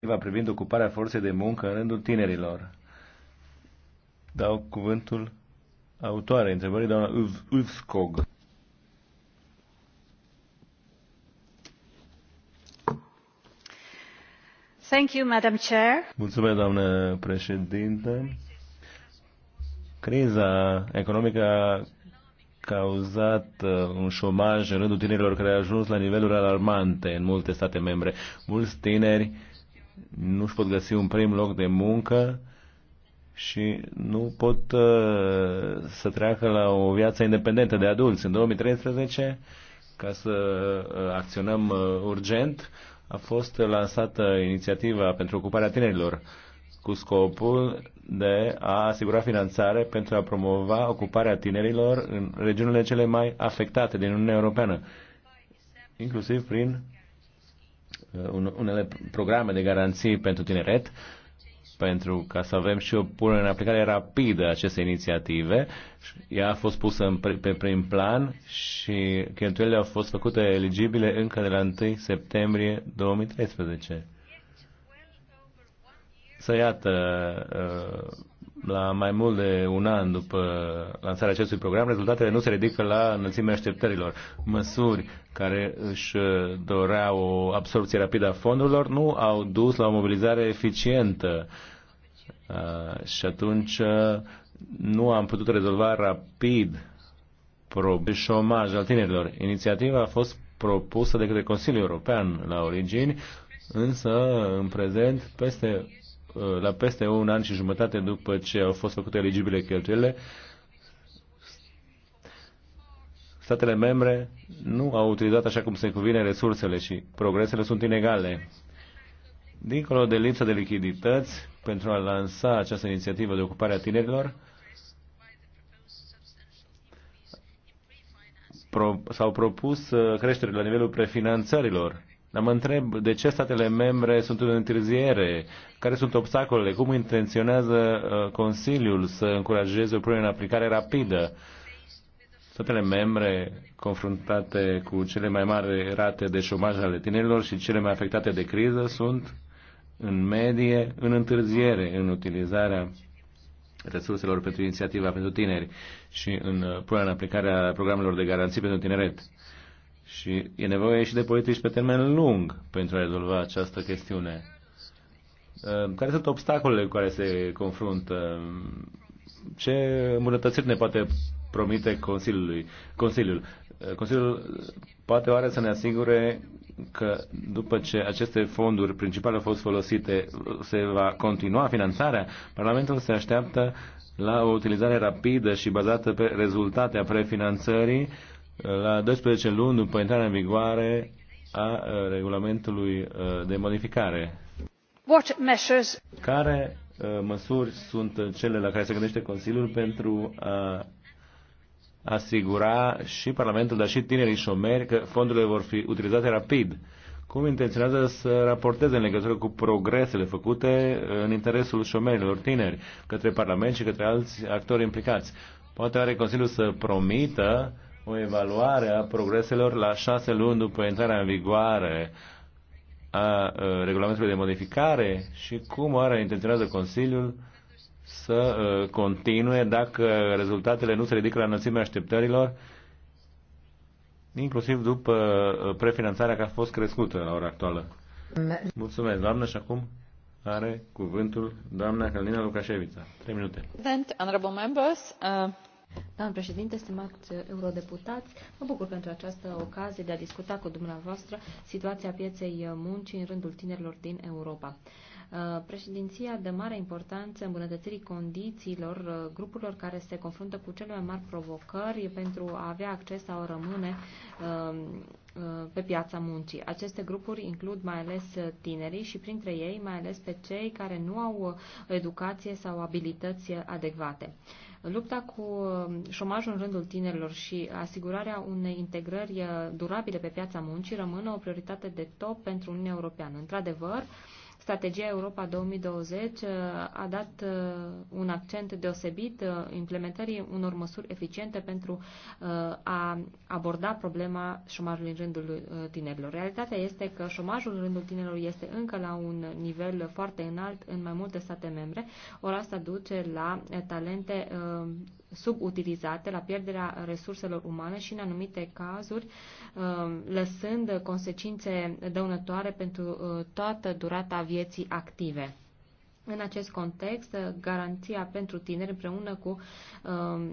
directiva privind ocuparea forței de muncă în rândul tinerilor. Dau cuvântul autoare întrebării doamna Ulfskog. Thank you, Madam Chair. Mulțumesc, doamnă președintă. Criza economică a cauzat uh, un șomaj în rândul tinerilor care a ajuns la niveluri alarmante în multe state membre. Mulți tineri uh, nu își pot găsi un prim loc de muncă și nu pot uh, să treacă la o viață independentă de adulți. În 2013, ca să uh, acționăm uh, urgent, a fost lansată inițiativa pentru ocuparea tinerilor cu scopul de a asigura finanțare pentru a promova ocuparea tinerilor în regiunile cele mai afectate din Uniunea Europeană, inclusiv prin Uh, unele programe de garanții pentru tineret, pentru ca să avem și o punere în aplicare rapidă a acestei inițiative. Ea a fost pusă în, pe prim plan și cheltuielile au fost făcute eligibile încă de la 1 septembrie 2013. Să iată, uh, la mai mult de un an după lansarea acestui program, rezultatele nu se ridică la înălțimea așteptărilor. Măsuri care își doreau o absorpție rapidă a fondurilor nu au dus la o mobilizare eficientă. Uh, și atunci uh, nu am putut rezolva rapid probe șomaj al tinerilor. Inițiativa a fost propusă de către Consiliul European la origini, însă în prezent peste Uh, la peste un an și jumătate după ce au fost făcute eligibile cheltuielile, statele membre nu au utilizat așa cum se cuvine resursele și progresele sunt inegale. Dincolo de lipsa de lichidități, pentru a lansa această inițiativă de ocupare a tinerilor, s-au propus uh, creșteri la nivelul prefinanțărilor dar mă întreb de ce statele membre sunt în întârziere, care sunt obstacolele, cum intenționează uh, Consiliul să încurajeze o punere în aplicare rapidă. Statele membre confruntate cu cele mai mari rate de șomaj ale tinerilor și cele mai afectate de criză sunt în medie în întârziere în utilizarea resurselor pentru inițiativa pentru tineri și în uh, punerea în aplicare a programelor de garanții pentru tineret. Și e nevoie și de politici pe termen lung pentru a rezolva această chestiune. Uh, care sunt obstacolele cu care se confruntă? Ce îmbunătățiri ne poate promite Consiliului? Consiliul? Uh, Consiliul poate oare să ne asigure că după ce aceste fonduri principale au fost folosite, se va continua finanțarea? Parlamentul se așteaptă la o utilizare rapidă și bazată pe rezultate a prefinanțării la 12 luni după intrarea în vigoare a uh, regulamentului uh, de modificare. What measures? Care uh, măsuri sunt cele la care se gândește Consiliul pentru a asigura și Parlamentul, dar și tinerii șomeri că fondurile vor fi utilizate rapid? Cum intenționează să raporteze în legătură cu progresele făcute în interesul șomerilor tineri către Parlament și către alți actori implicați? Poate are Consiliul să promită uh, o evaluare a progreselor la șase luni după intrarea în vigoare a uh, regulamentului de modificare și cum oare intenționează Consiliul să uh, continue dacă rezultatele nu se ridică la înălțimea așteptărilor, inclusiv după uh, prefinanțarea care a fost crescută la ora actuală. Mulțumesc, doamnă, și acum are cuvântul doamna Calina Lucașevița. Trei minute. Honorable members, uh... Doamne președinte, stimați eurodeputați, mă bucur pentru această ocazie de a discuta cu dumneavoastră situația pieței muncii în rândul tinerilor din Europa. Uh, președinția de mare importanță îmbunătățirii condițiilor uh, grupurilor care se confruntă cu cele mai mari provocări pentru a avea acces sau rămâne uh, pe piața muncii. Aceste grupuri includ mai ales tinerii și printre ei mai ales pe cei care nu au educație sau abilități adecvate. Lupta cu um, șomajul în rândul tinerilor și asigurarea unei integrări uh, durabile pe piața muncii rămână o prioritate de top pentru Uniunea Europeană. Într-adevăr, uh, Strategia Europa 2020 uh, a dat uh, un accent deosebit uh, implementării unor măsuri eficiente pentru a aborda problema șomajului în rândul tinerilor. Realitatea este că șomajul în rândul tinerilor este încă la un nivel foarte înalt în mai multe state membre, ori asta duce la talente subutilizate, la pierderea resurselor umane și, în anumite cazuri, um, lăsând consecințe dăunătoare pentru uh, toată durata vieții active. În acest context, garanția pentru tineri împreună cu um,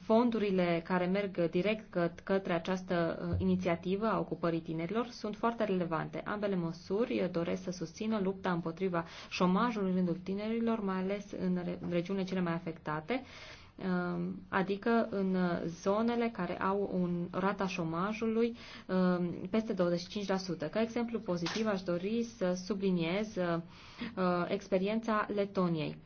fondurile care merg direct către această uh, inițiativă a ocupării tinerilor sunt foarte relevante. Ambele măsuri doresc să susțină lupta împotriva șomajului în rândul tinerilor, mai ales în regiunile cele mai afectate, Um, adică în zonele care au un rata șomajului um, peste 25%. Ca exemplu pozitiv aș dori să subliniez uh, uh, experiența Letoniei.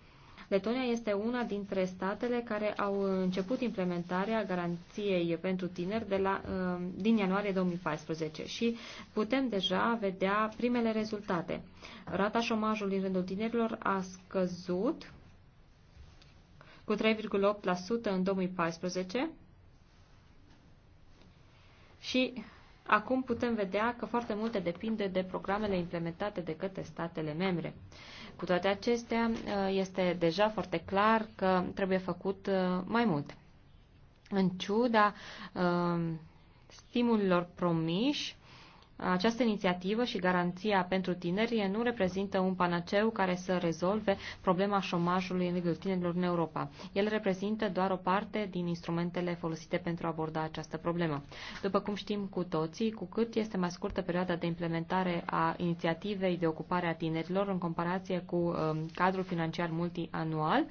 Letonia este una dintre statele care au început implementarea garanției pentru tineri de la, um, din ianuarie 2014 și putem deja vedea primele rezultate. Rata șomajului în rândul tinerilor a scăzut cu 3,8% în 2014 și acum putem vedea că foarte multe depinde de programele implementate de către statele membre. Cu toate acestea, uh, este deja foarte clar că trebuie făcut uh, mai mult. În ciuda uh, stimulilor promiși, această inițiativă și garanția pentru tineri nu reprezintă un panaceu care să rezolve problema șomajului în rândul tinerilor în Europa. El reprezintă doar o parte din instrumentele folosite pentru a aborda această problemă. După cum știm cu toții, cu cât este mai scurtă perioada de implementare a inițiativei de ocupare a tinerilor în comparație cu um, cadrul financiar multianual,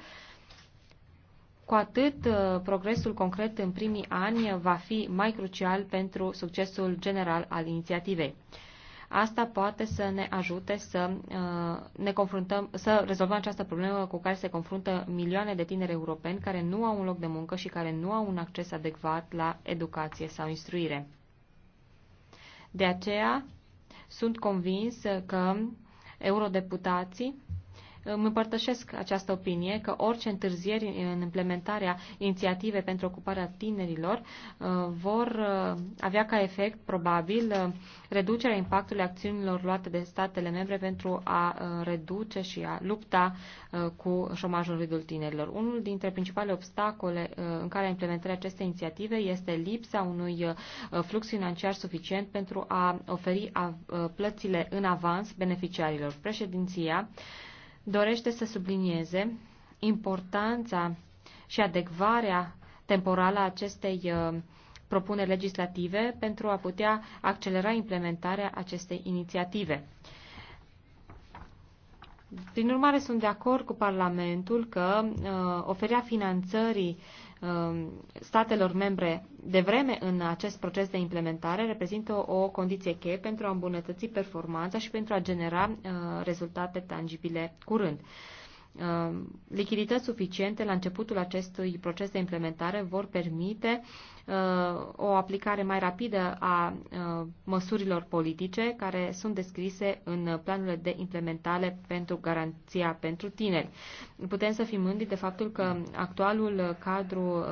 cu atât uh, progresul concret în primii ani va fi mai crucial pentru succesul general al inițiativei. Asta poate să ne ajute să uh, ne confruntăm, să rezolvăm această problemă cu care se confruntă milioane de tineri europeni care nu au un loc de muncă și care nu au un acces adecvat la educație sau instruire. De aceea, sunt convins că eurodeputații îmi împărtășesc această opinie că orice întârzieri în implementarea inițiative pentru ocuparea tinerilor uh, vor uh, avea ca efect, probabil, uh, reducerea impactului acțiunilor luate de statele membre pentru a reduce și a lupta cu șomajul rândul tinerilor. Unul dintre principalele obstacole în care implementarea acestei inițiative este lipsa unui flux financiar suficient pentru a oferi plățile în avans beneficiarilor. Președinția dorește să sublinieze importanța și adecvarea temporală a acestei uh, propuneri legislative pentru a putea accelera implementarea acestei inițiative. Prin urmare, sunt de acord cu Parlamentul că uh, oferirea finanțării Um, statelor membre de vreme în acest proces de implementare reprezintă o condiție cheie pentru a îmbunătăți performanța și pentru a genera uh, rezultate tangibile curând. Uh, lichidități suficiente la începutul acestui proces de implementare vor permite uh, o aplicare mai rapidă a uh, măsurilor politice care sunt descrise în planurile de implementare pentru garanția pentru tineri. Putem să fim mândri de faptul că actualul cadru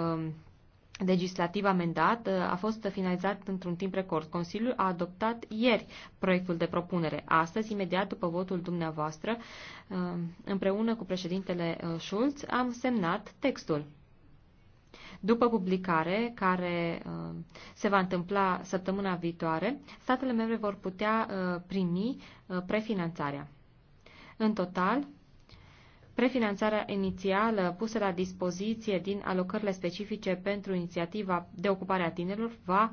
legislativ amendat uh, a fost finalizat într-un timp record. Consiliul a adoptat ieri proiectul de propunere. Astăzi, imediat după votul dumneavoastră, uh, împreună cu președintele uh, Schulz, am semnat textul. După publicare, care se va întâmpla săptămâna viitoare, statele membre vor putea primi prefinanțarea. În total, Prefinanțarea inițială pusă la dispoziție din alocările specifice pentru inițiativa de ocupare a tinerilor va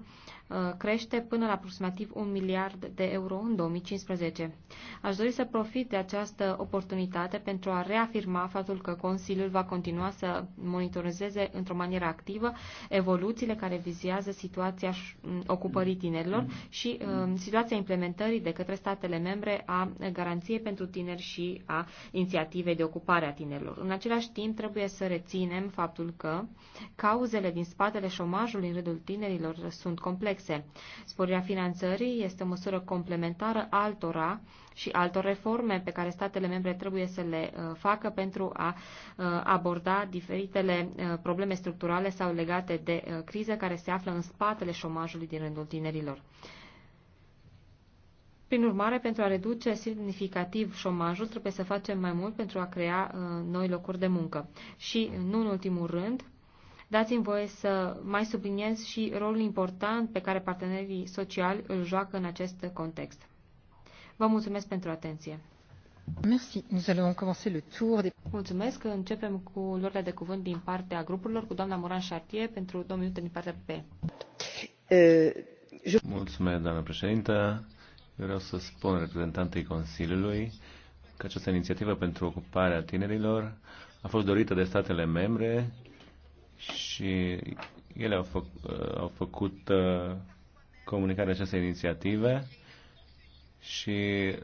Uh, crește până la aproximativ un miliard de euro în 2015. Aș dori să profit de această oportunitate pentru a reafirma faptul că Consiliul va continua să monitorizeze într-o manieră activă evoluțiile care vizează situația mm, ocupării tinerilor și uh, situația implementării de către statele membre a garanției pentru tineri și a inițiativei de ocupare a tinerilor. În același timp, trebuie să reținem faptul că cauzele din spatele șomajului în rândul tinerilor sunt complexe complexe. Sporirea finanțării este o măsură complementară altora și altor reforme pe care statele membre trebuie să le uh, facă pentru a uh, aborda diferitele uh, probleme structurale sau legate de criză care se află în spatele șomajului din rândul tinerilor. Prin urmare, pentru a reduce semnificativ șomajul, trebuie să facem mai mult pentru a crea uh, noi locuri de muncă. Și, nu în ultimul rând, Dați-mi voie să mai subliniez și rolul important pe care partenerii sociali îl joacă în acest context. Vă mulțumesc pentru atenție. Merci. Nous allons commencer le tour des... Mulțumesc. Începem cu lorile de cuvânt din partea grupurilor cu doamna Moran Chartier pentru două minute din partea P. Eh, mulțumesc, doamna președintă. vreau să spun reprezentantei Consiliului că această inițiativă pentru ocuparea tinerilor a fost dorită de statele membre și ele au, fă, uh, au făcut uh, comunicarea acestei inițiative și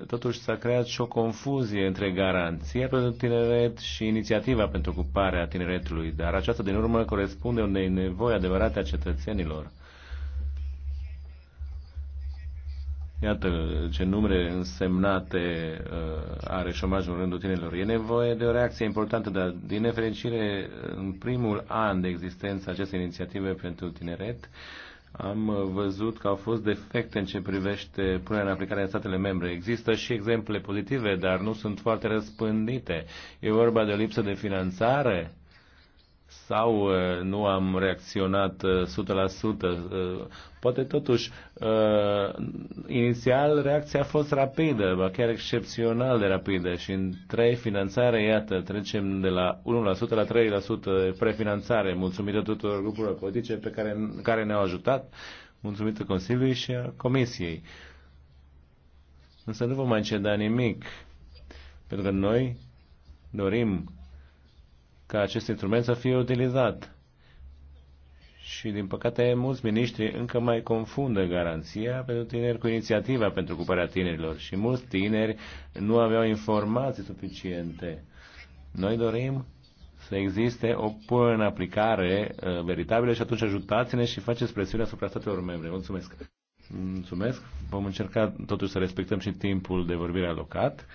totuși s-a creat și o confuzie între garanția pentru tineret și inițiativa pentru ocuparea tineretului, dar aceasta din urmă corespunde unei nevoi adevărate a cetățenilor. Iată ce numere însemnate uh, are șomajul în rândul tinerilor. E nevoie de o reacție importantă, dar din nefericire, în primul an de existență acestei inițiative pentru tineret, am văzut că au fost defecte în ce privește punerea în aplicare a statele membre. Există și exemple pozitive, dar nu sunt foarte răspândite. E vorba de o lipsă de finanțare sau uh, nu am reacționat 100%. Uh, uh, poate totuși, inițial reacția a fost rapidă, chiar excepțional de rapidă și în trei finanțare, iată, trecem de la 1% la 3% prefinanțare, mulțumită tuturor grupurilor politice pe care, care ne-au ajutat, mulțumită Consiliului și a Comisiei. Însă nu vom mai ceda nimic, pentru că noi dorim ca acest instrument să fie utilizat. Și, din păcate, mulți miniștri încă mai confundă garanția pentru tineri cu inițiativa pentru ocuparea tinerilor și mulți tineri nu aveau informații suficiente. Noi dorim să existe o punere în aplicare uh, veritabilă și atunci ajutați-ne și faceți presiune asupra statelor membre. Mulțumesc! Mulțumesc! Vom încerca totuși să respectăm și timpul de vorbire alocat.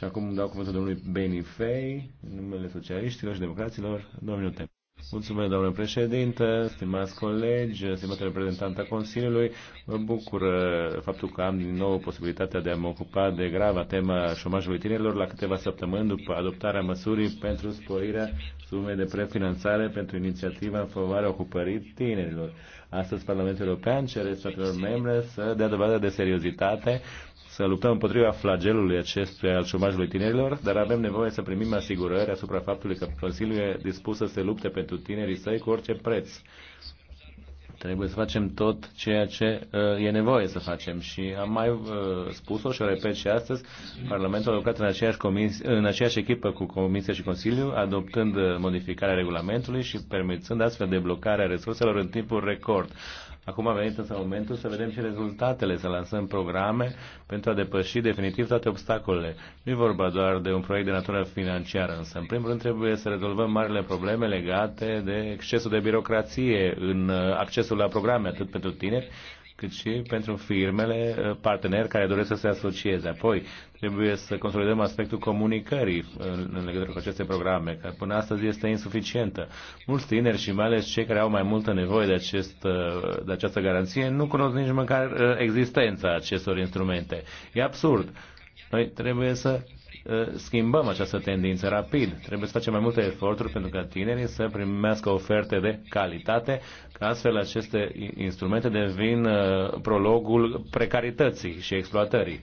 Și acum dau cuvântul domnului Benifei, în numele socialiștilor și democraților, domnul tem. Mulțumesc, domnule președinte, stimați colegi, stimați reprezentanta Consiliului. Mă bucur uh, faptul că am din nou posibilitatea de a mă ocupa de grava tema șomajului tinerilor la câteva săptămâni după adoptarea măsurii pentru sporirea sumei de prefinanțare pentru inițiativa în favoarea ocupării tinerilor. Astăzi Parlamentul European cere statelor membre să dea dovadă de seriozitate să luptăm împotriva flagelului acestuia al șomajului tinerilor, dar avem nevoie să primim asigurări asupra faptului că Consiliul e dispus să se lupte pentru tinerii săi cu orice preț. Trebuie să facem tot ceea ce uh, e nevoie să facem și am mai uh, spus-o și o repet și astăzi, Parlamentul a lucrat în aceeași, comis- în aceeași echipă cu Comisia și Consiliu, adoptând uh, modificarea regulamentului și permițând astfel deblocarea resurselor în timpul record. Acum a venit însă momentul să vedem și rezultatele, să lansăm programe pentru a depăși definitiv toate obstacolele. Nu e vorba doar de un proiect de natură financiară, însă în primul rând trebuie să rezolvăm marile probleme legate de excesul de birocrație în uh, accesul la programe, atât pentru tineri, cât și pentru firmele uh, parteneri care doresc să se asocieze. Apoi, trebuie să consolidăm aspectul comunicării uh, în legătură cu aceste programe, care până astăzi este insuficientă. Mulți tineri și mai ales cei care au mai multă nevoie de, acest, uh, de această garanție nu cunosc nici măcar existența acestor instrumente. E absurd. Noi trebuie să Eh, schimbăm această tendință rapid. Trebuie să facem mai multe eforturi pentru ca tinerii să primească oferte de calitate, ca astfel aceste instrumente devin eh, prologul precarității și exploatării.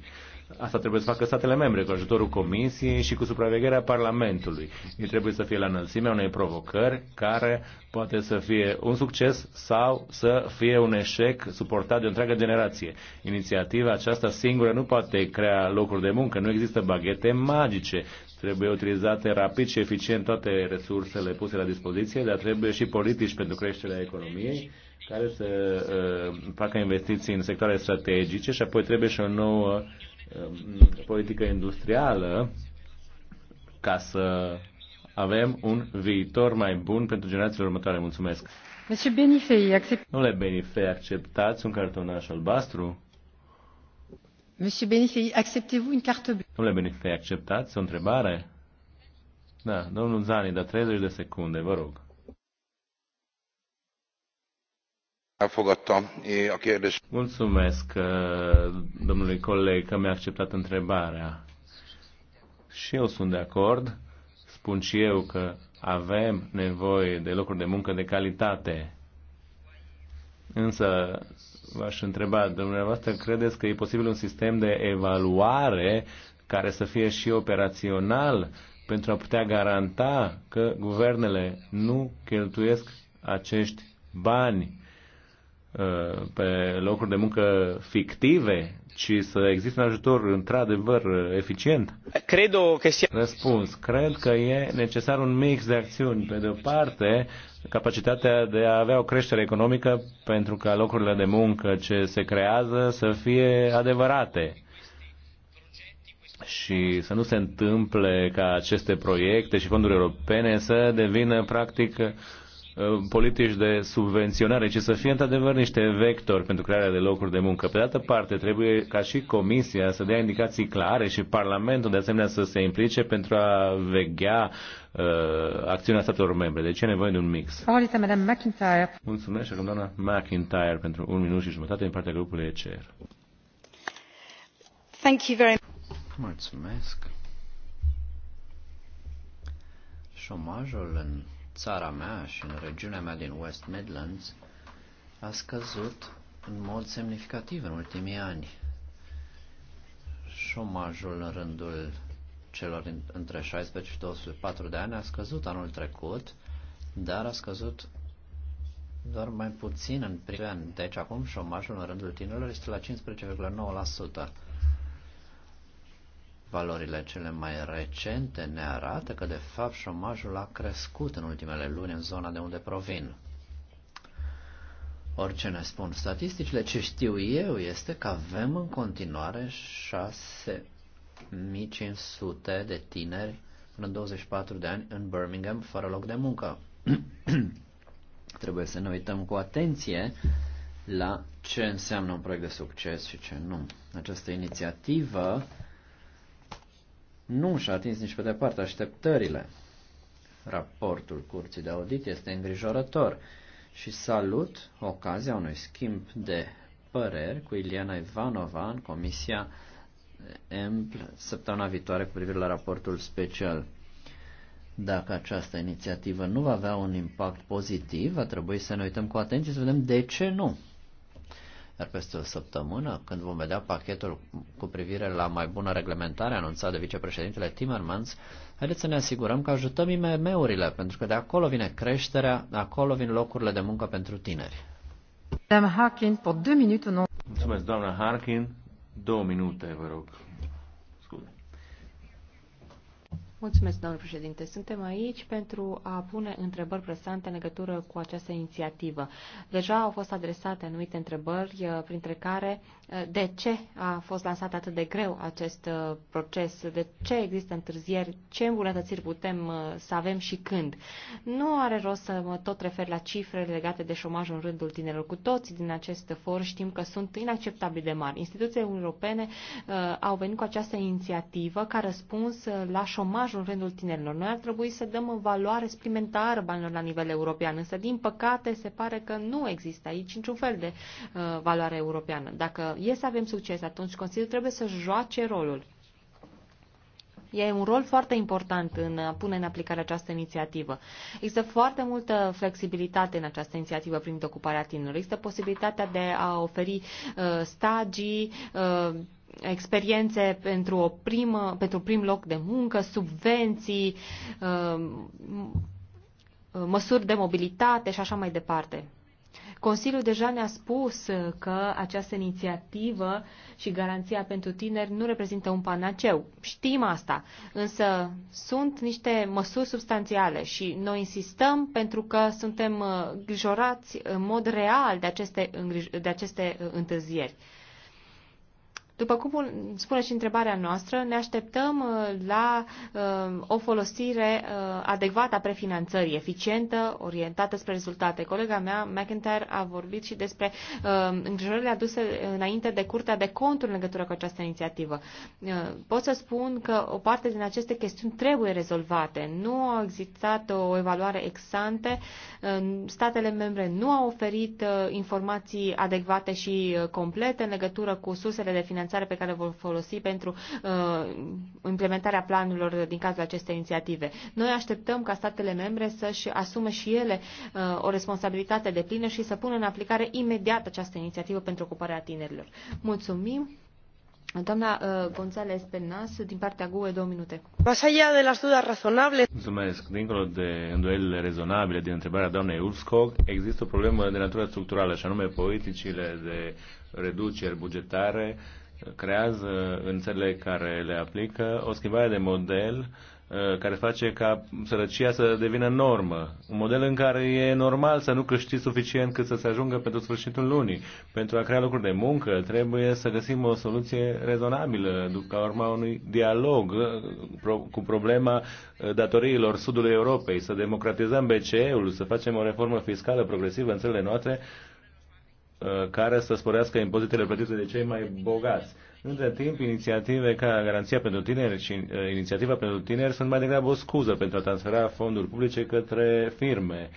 Asta trebuie să facă statele membre cu ajutorul Comisiei și cu supravegherea Parlamentului. Ei trebuie să fie la înălțimea unei provocări care poate să fie un succes sau să fie un eșec suportat de o întreagă generație. Inițiativa aceasta singură nu poate crea locuri de muncă, nu există baghete magice. Trebuie utilizate rapid și eficient toate resursele puse la dispoziție, dar trebuie și politici pentru creșterea economiei care să uh, facă investiții în sectoare strategice și apoi trebuie și o nouă uh, Um, politică industrială ca să avem un viitor mai bun pentru generațiile următoare. Mulțumesc! Monsieur Benifei, accept... le Benifei, acceptați un cartonaș albastru? Monsieur Benifei, acceptez-vous une carte bleue? Domnule Benifei, acceptați o întrebare? Da, domnul Zani, dar 30 de secunde, vă rog. Elfogadta eh, a kérdést. Mulțumesc eh, domnului coleg că mi-a acceptat întrebarea. Și eu sunt de acord. Spun și eu că avem nevoie de locuri de muncă de calitate. Însă v-aș întreba, dumneavoastră, credeți că e posibil un sistem de evaluare care să fie și operațional pentru a putea garanta că guvernele nu cheltuiesc acești bani Uh, pe locuri de muncă fictive, ci să existe un ajutor într-adevăr uh, eficient? Cred că... Răspuns. Cred că e necesar un mix de acțiuni. Pe de o parte, capacitatea de a avea o creștere economică pentru ca locurile de muncă ce se creează să fie adevărate și să nu se întâmple ca aceste proiecte și fonduri europene să devină practic Uh, politici de subvenționare, ci să fie într-adevăr niște vectori pentru crearea de locuri de muncă. Pe de altă parte, trebuie ca și Comisia să dea indicații clare și Parlamentul de asemenea să se implice pentru a veghea uh, acțiunea statelor membre. Deci e nevoie de un mix. Mulțumesc, acum doamna McIntyre, pentru un minut și jumătate din partea grupului ECR. Thank you very much. Mulțumesc. Șomajul în țara mea și în regiunea mea din West Midlands a scăzut în mod semnificativ în ultimii ani. Șomajul în rândul celor între 16 și 24 de ani a scăzut anul trecut, dar a scăzut doar mai puțin în primul an. Deci acum șomajul în rândul tinerilor este la 15,9%. Valorile cele mai recente ne arată că, de fapt, șomajul a crescut în ultimele luni în zona de unde provin. Orice ne spun statisticile, ce știu eu este că avem în continuare 6500 de tineri până 24 de ani în Birmingham fără loc de muncă. Trebuie să ne uităm cu atenție la ce înseamnă un proiect de succes și ce nu. Această inițiativă nu și-a atins nici pe departe așteptările. Raportul Curții de Audit este îngrijorător și salut ocazia unui schimb de păreri cu Iliana Ivanova în Comisia EMPL săptămâna viitoare cu privire la raportul special. Dacă această inițiativă nu va avea un impact pozitiv, va trebui să ne uităm cu atenție să vedem de ce nu. Dar peste o săptămână, când vom vedea pachetul cu privire la mai bună reglementare anunțată de vicepreședintele Timmermans, haideți să ne asigurăm că ajutăm IMM-urile, pentru că de acolo vine creșterea, de acolo vin locurile de muncă pentru tineri. Harkin, Mulțumesc, doamna Harkin. Două minute, vă rog. Mulțumesc, domnul președinte. Suntem aici pentru a pune întrebări presante în legătură cu această inițiativă. Deja au fost adresate anumite întrebări, eh, printre care eh, de ce a fost lansat atât de greu acest eh, proces, de ce există întârzieri, ce îmbunătățiri putem să avem și când. Nu are rost să mă tot refer la cifre legate de șomajul în rândul tinerilor. Cu toți din acest for știm că sunt inacceptabil de mari. Instituțiile europene au venit cu această inițiativă ca răspuns la șomaj șomajul în rândul tinerilor. Noi ar trebui să dăm în valoare suplimentară banilor la nivel european, însă, din păcate, se pare că nu există aici niciun fel de uh, valoare europeană. Dacă e să avem succes, atunci Consiliul trebuie să joace rolul. E un rol foarte important în a pune în aplicare această inițiativă. Există foarte multă flexibilitate în această inițiativă privind ocuparea tinerilor. Există posibilitatea de a oferi uh, stagii, uh, experiențe pentru, o primă, pentru prim loc de muncă, subvenții, um, măsuri de mobilitate și așa mai departe. Consiliul deja ne-a spus că această inițiativă și garanția pentru tineri nu reprezintă un panaceu. Știm asta, însă sunt niște măsuri substanțiale și noi insistăm pentru că suntem uh, grijorați în mod real de aceste, de aceste uh, întârzieri. După cum spune și întrebarea noastră, ne așteptăm uh, la uh, o folosire uh, adecvată a prefinanțării, eficientă, orientată spre rezultate. Colega mea, McIntyre, a vorbit și despre îngrijorările aduse înainte de Curtea de Conturi în legătură cu această inițiativă. Pot să spun că o parte din aceste chestiuni trebuie rezolvate. Nu a existat o evaluare ex-ante, statele membre nu au oferit informații adecvate și complete în legătură cu sursele de finanțare finanțare pe care vor folosi pentru uh, implementarea planurilor din cazul acestei inițiative. Noi așteptăm ca statele membre să-și asume și ele uh, o responsabilitate de plină și să pună în aplicare imediat această inițiativă pentru ocuparea tinerilor. Mulțumim! Doamna uh, González Penas, din partea GUE, două minute. Más allá de las dudas razonables... Mulțumesc. Dincolo de îndoielile rezonabile din întrebarea doamnei Ulfskog, există o problemă de natură structurală, și anume politicile de reduceri bugetare uh, creează în țările care le aplică o schimbare de model uh, care face ca sărăcia să devină normă. Un model în care e normal să nu câștigi suficient cât să se ajungă pentru sfârșitul lunii. Pentru a crea locuri de muncă trebuie să găsim o soluție rezonabilă, ca urma unui dialog uh, cu problema uh, datoriilor Sudului Europei, să democratizăm BCE-ul, să facem o reformă fiscală progresivă în țările noastre Uh, care să sporească impozitele plătite de cei mai bogați. Între timp, inițiative ca Garanția pentru Tineri și uh, Inițiativa pentru Tineri sunt mai degrabă o scuză pentru a transfera fonduri publice către firme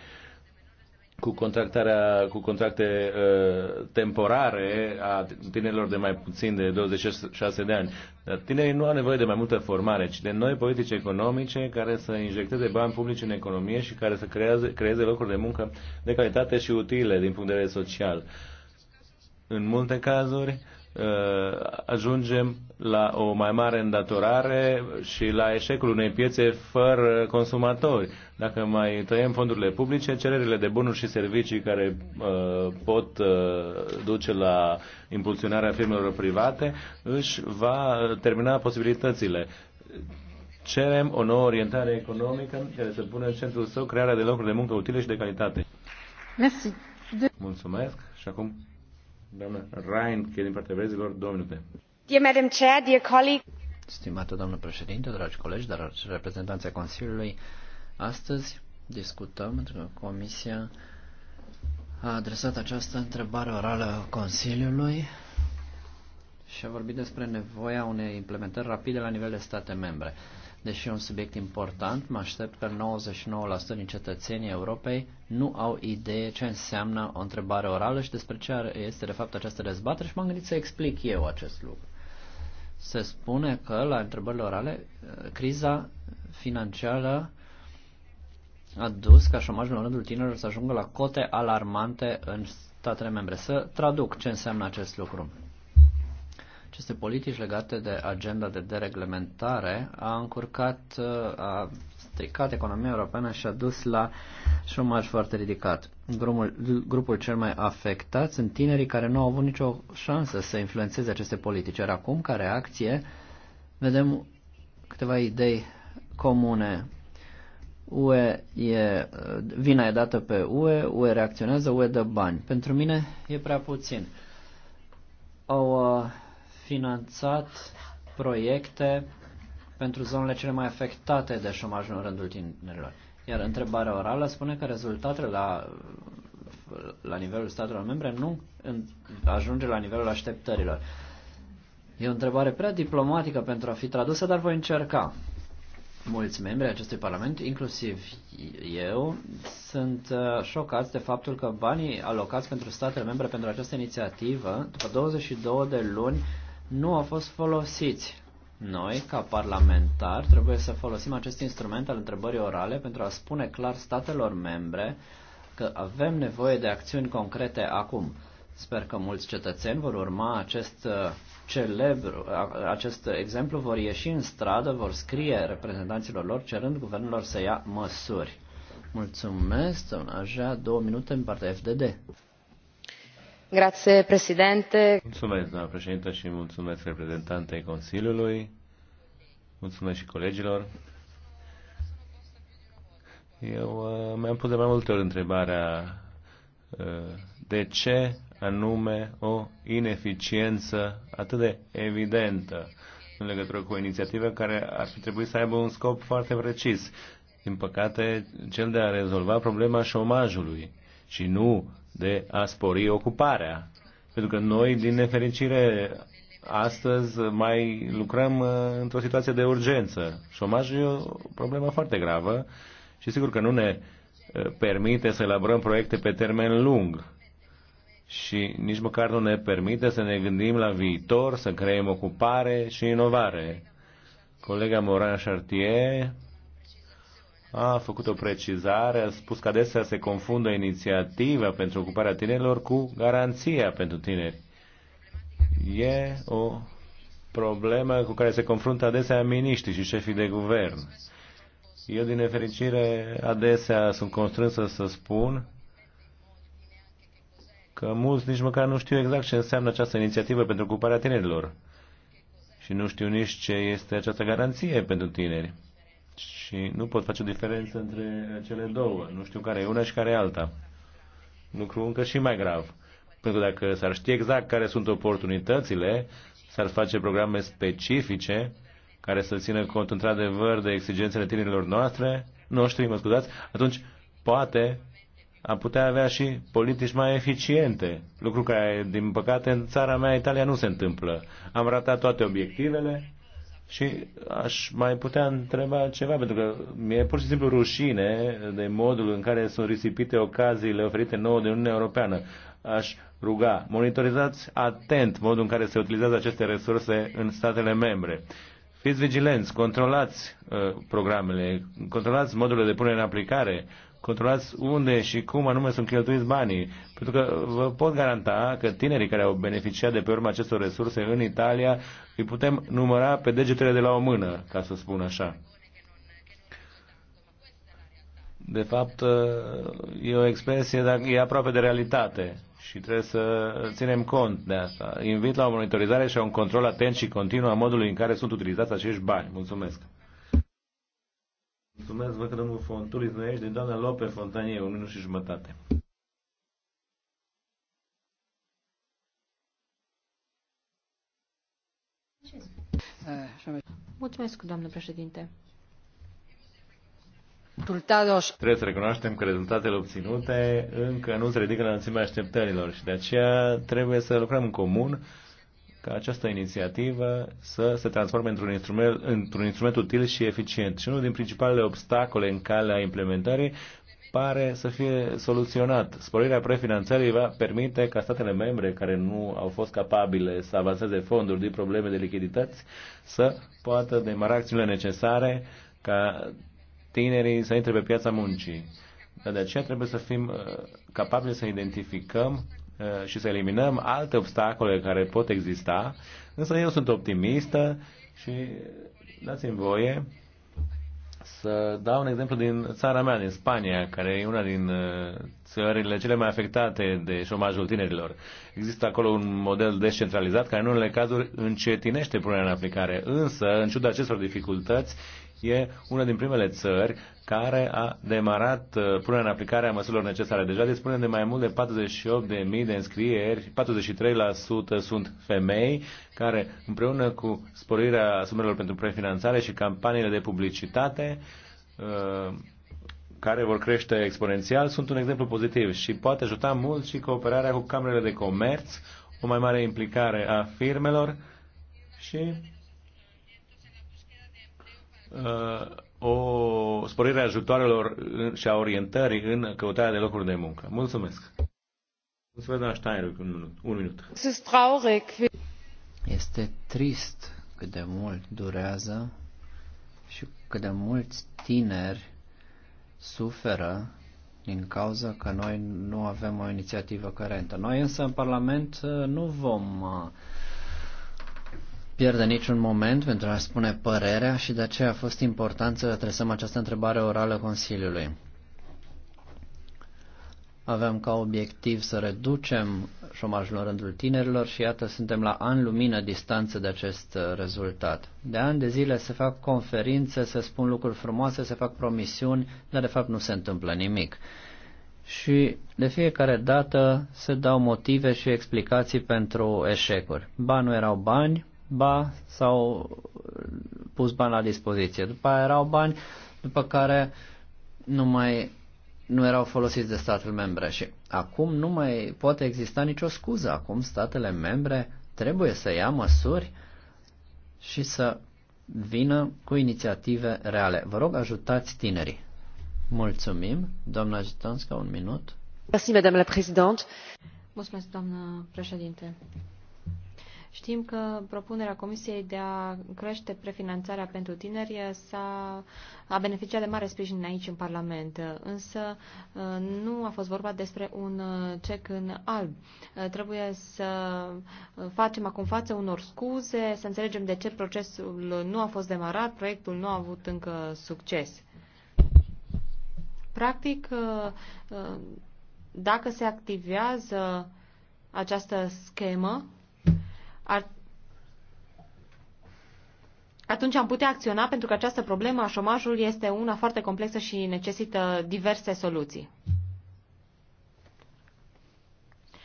cu, contractarea, cu contracte uh, temporare a tinerilor de mai puțin de 26 de ani. Dar tinerii nu au nevoie de mai multă formare, ci de noi politici economice care să injecteze bani publici în economie și care să creeze, creeze locuri de muncă de calitate și utile din punct de vedere social. În multe cazuri, Uh, ajungem la o mai mare îndatorare și la eșecul unei piețe fără consumatori. Dacă mai tăiem fondurile publice, cererile de bunuri și servicii care uh, pot uh, duce la impulsionarea firmelor private își va termina posibilitățile. Cerem o nouă orientare economică care să pună în centrul său crearea de locuri de muncă utile și de calitate. Mulțumesc și acum Doamna din partea verzilor, Dear Madam Chair, dear colleague. Stimată doamnă președinte, dragi colegi, dar reprezentanța Consiliului, astăzi discutăm, pentru că Comisia a adresat această întrebare orală Consiliului și a vorbit despre nevoia unei implementări rapide la nivel de state membre. Deși e un subiect important, mă aștept că 99% din cetățenii Europei nu au idee ce înseamnă o întrebare orală și despre ce este de fapt această dezbatere și m-am gândit să explic eu acest lucru. Se spune că la întrebările orale uh, criza financiară a dus ca șomajul în rândul tinerilor să ajungă la cote alarmante în statele membre. Să traduc ce înseamnă acest lucru aceste politici legate de agenda de dereglementare a încurcat, a stricat economia europeană și a dus la șomaj foarte ridicat. Grupul, grupul cel mai afectat sunt tinerii care nu au avut nicio șansă să influențeze aceste politici. Iar acum, ca reacție, vedem câteva idei comune. UE e, vina e dată pe UE, UE reacționează, UE dă bani. Pentru mine e prea puțin. Au uh, finanțat proiecte pentru zonele cele mai afectate de șomajul în rândul tinerilor. Iar întrebarea orală spune că rezultatele la, la nivelul statelor membre nu ajunge la nivelul așteptărilor. E o întrebare prea diplomatică pentru a fi tradusă, dar voi încerca. Mulți membri acestui parlament, inclusiv eu, sunt uh, șocați de faptul că banii alocați pentru statele membre pentru această inițiativă, după 22 de luni, nu au fost folosiți. Noi, ca parlamentari, trebuie să folosim acest instrument al întrebării orale pentru a spune clar statelor membre că avem nevoie de acțiuni concrete acum. Sper că mulți cetățeni vor urma acest uh, celebr acest exemplu, vor ieși în stradă, vor scrie reprezentanților lor cerând guvernelor să ia măsuri. Mulțumesc, domnul Ajea, două minute în partea FDD. Grazie, președinte. Mulțumesc, doamna președintă, și mulțumesc reprezentantei Consiliului. Mulțumesc și colegilor. Eu uh, mi-am pus de mai multe ori întrebarea uh, de ce anume o ineficiență atât de evidentă în legătură cu o inițiativă care ar fi trebuit să aibă un scop foarte precis. Din păcate, cel de a rezolva problema șomajului și nu de a spori ocuparea. Pentru că noi, din nefericire, astăzi mai lucrăm uh, într-o situație de urgență. Șomajul e o problemă foarte gravă și sigur că nu ne uh, permite să elaborăm proiecte pe termen lung și nici măcar nu ne permite să ne gândim la viitor, să creăm ocupare și inovare. Colega Moran Chartier a făcut o precizare, a spus că adesea se confundă inițiativa pentru ocuparea tinerilor cu garanția pentru tineri. E o problemă cu care se confruntă adesea miniștri și șefii de guvern. Eu, din nefericire, adesea sunt constrâns să spun că mulți nici măcar nu știu exact ce înseamnă această inițiativă pentru ocuparea tinerilor și nu știu nici ce este această garanție pentru tineri și nu pot face o diferență între cele două. Nu știu care e una și care e alta. Lucru încă și mai grav. Pentru că dacă s-ar ști exact care sunt oportunitățile, s-ar face programe specifice care să țină cont într-adevăr de exigențele tinerilor noastre, noștri, mă scuzați, atunci poate am putea avea și politici mai eficiente, lucru care, din păcate, în țara mea, Italia, nu se întâmplă. Am ratat toate obiectivele, și aș mai putea întreba ceva, pentru că mi-e pur și simplu rușine de modul în care sunt risipite ocaziile oferite nouă de Uniunea Europeană. Aș ruga, monitorizați atent modul în care se utilizează aceste resurse în statele membre. Fiți vigilenți, controlați uh, programele, controlați modurile de punere în aplicare, controlați unde și cum anume sunt cheltuiți banii. Pentru că vă pot garanta că tinerii care au beneficiat de pe urma acestor resurse în Italia îi putem număra pe degetele de la o mână, ca să spun așa. De fapt, e o expresie, dar e aproape de realitate și trebuie să ținem cont de asta. Invit la o monitorizare și a un control atent și continuu a modului în care sunt utilizați acești bani. Mulțumesc! Mulțumesc, văd că domnul Fontulis nu ești, de deci doamna Lope Fontanie, un minut și jumătate. Mulțumesc, doamnă președinte. Trebuie să recunoaștem că rezultatele obținute încă nu se ridică la înțimea așteptărilor și de aceea trebuie să lucrăm în comun ca această inițiativă să se transforme într-un instrument, într-un instrument util și eficient. Și unul din principalele obstacole în calea implementării pare să fie soluționat. Sporirea prefinanțării va permite ca statele membre care nu au fost capabile să avanseze fonduri din probleme de lichidități să poată demara acțiunile necesare ca tinerii să intre pe piața muncii. Dar de aceea trebuie să fim uh, capabili să identificăm Uh, și să eliminăm alte obstacole care pot exista, însă eu sunt optimistă și dați-mi voie să dau un exemplu din țara mea, din Spania, care e una din uh, țările cele mai afectate de șomajul tinerilor. Există acolo un model descentralizat care în unele cazuri încetinește punerea în aplicare, însă, în ciuda acestor dificultăți, e una din primele țări care a demarat uh, punerea în aplicare a măsurilor necesare. Deja dispune de mai mult de 48.000 de înscrieri, 43% sunt femei, care împreună cu sporirea sumelor pentru prefinanțare și campaniile de publicitate, uh, care vor crește exponențial, sunt un exemplu pozitiv și poate ajuta mult și cooperarea cu camerele de comerț, o mai mare implicare a firmelor și Uh, o sporire a ajutoarelor și a orientării în căutarea de locuri de muncă. Mulțumesc! Mulțumesc, doamna Steinruck, un minut. Un minut. Este trist cât de mult durează și cât de mulți tineri suferă din cauza că noi nu avem o inițiativă coerentă. Noi însă în Parlament uh, nu vom uh, pierde niciun moment pentru a spune părerea și de aceea a fost important să adresăm această întrebare orală Consiliului. Aveam ca obiectiv să reducem șomajul în rândul tinerilor și iată suntem la an lumină distanță de acest uh, rezultat. De ani de zile se fac conferințe, se spun lucruri frumoase, se fac promisiuni, dar de fapt nu se întâmplă nimic. Și de fiecare dată se dau motive și explicații pentru eșecuri. Ba nu erau bani, ba s-au pus bani la dispoziție. După aia erau bani după care nu mai nu erau folosiți de statele membre și acum nu mai poate exista nicio scuză. Acum statele membre trebuie să ia măsuri și să vină cu inițiative reale. Vă rog, ajutați tinerii. Mulțumim. Doamna Jitonska, un minut. Mulțumesc, doamnă președinte. Știm că propunerea Comisiei de a crește prefinanțarea pentru tineri s-a, a beneficiat de mare sprijin aici în Parlament, însă nu a fost vorba despre un cec în alb. Trebuie să facem acum față unor scuze, să înțelegem de ce procesul nu a fost demarat, proiectul nu a avut încă succes. Practic, dacă se activează această schemă, ar... Atunci am putea acționa pentru că această problemă a șomajului este una foarte complexă și necesită diverse soluții.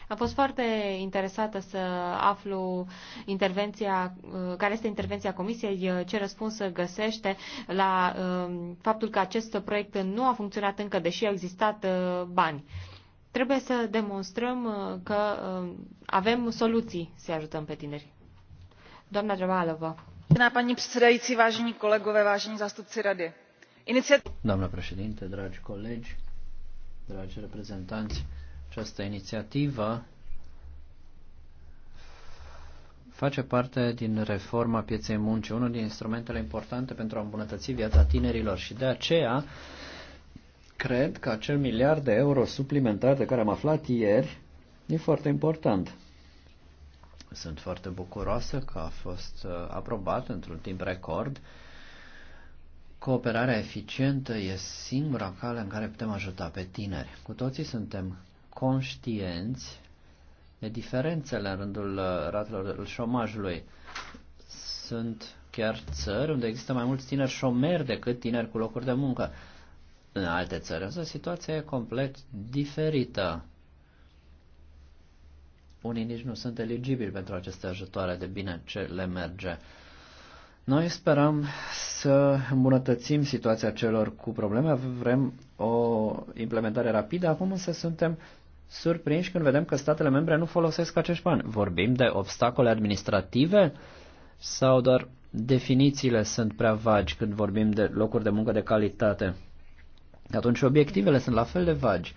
Am fost foarte interesată să aflu intervenția, uh, care este intervenția Comisiei, uh, ce răspuns găsește la uh, faptul că acest proiect nu a funcționat încă, deși au existat bani. Trebuie să demonstrăm uh, că uh, avem soluții să ajutăm pe tineri. Doamna Doamna Pani předsedající, vážení kolegové, vážení zastupci rady. Doamna președinte, dragi colegi, dragi reprezentanți, această inițiativă face parte din reforma pieței muncii, unul din instrumentele importante pentru a îmbunătăți viața tinerilor și de aceea cred că acel miliard de euro suplimentar de care am aflat ieri e foarte important. Sunt foarte bucuroasă că a fost uh, aprobat într-un timp record. Cooperarea eficientă e singura cale în care putem ajuta pe tineri. Cu toții suntem conștienți de diferențele în rândul uh, ratelor șomajului. Sunt chiar țări unde există mai mulți tineri șomeri decât tineri cu locuri de muncă. În alte țări însă situația e complet diferită. Unii nici nu sunt eligibili pentru aceste ajutoare de bine ce le merge. Noi sperăm să îmbunătățim situația celor cu probleme, vrem o implementare rapidă, acum însă suntem surprinși când vedem că statele membre nu folosesc acești bani. Vorbim de obstacole administrative sau doar definițiile sunt prea vagi când vorbim de locuri de muncă de calitate? Atunci obiectivele sunt la fel de vagi.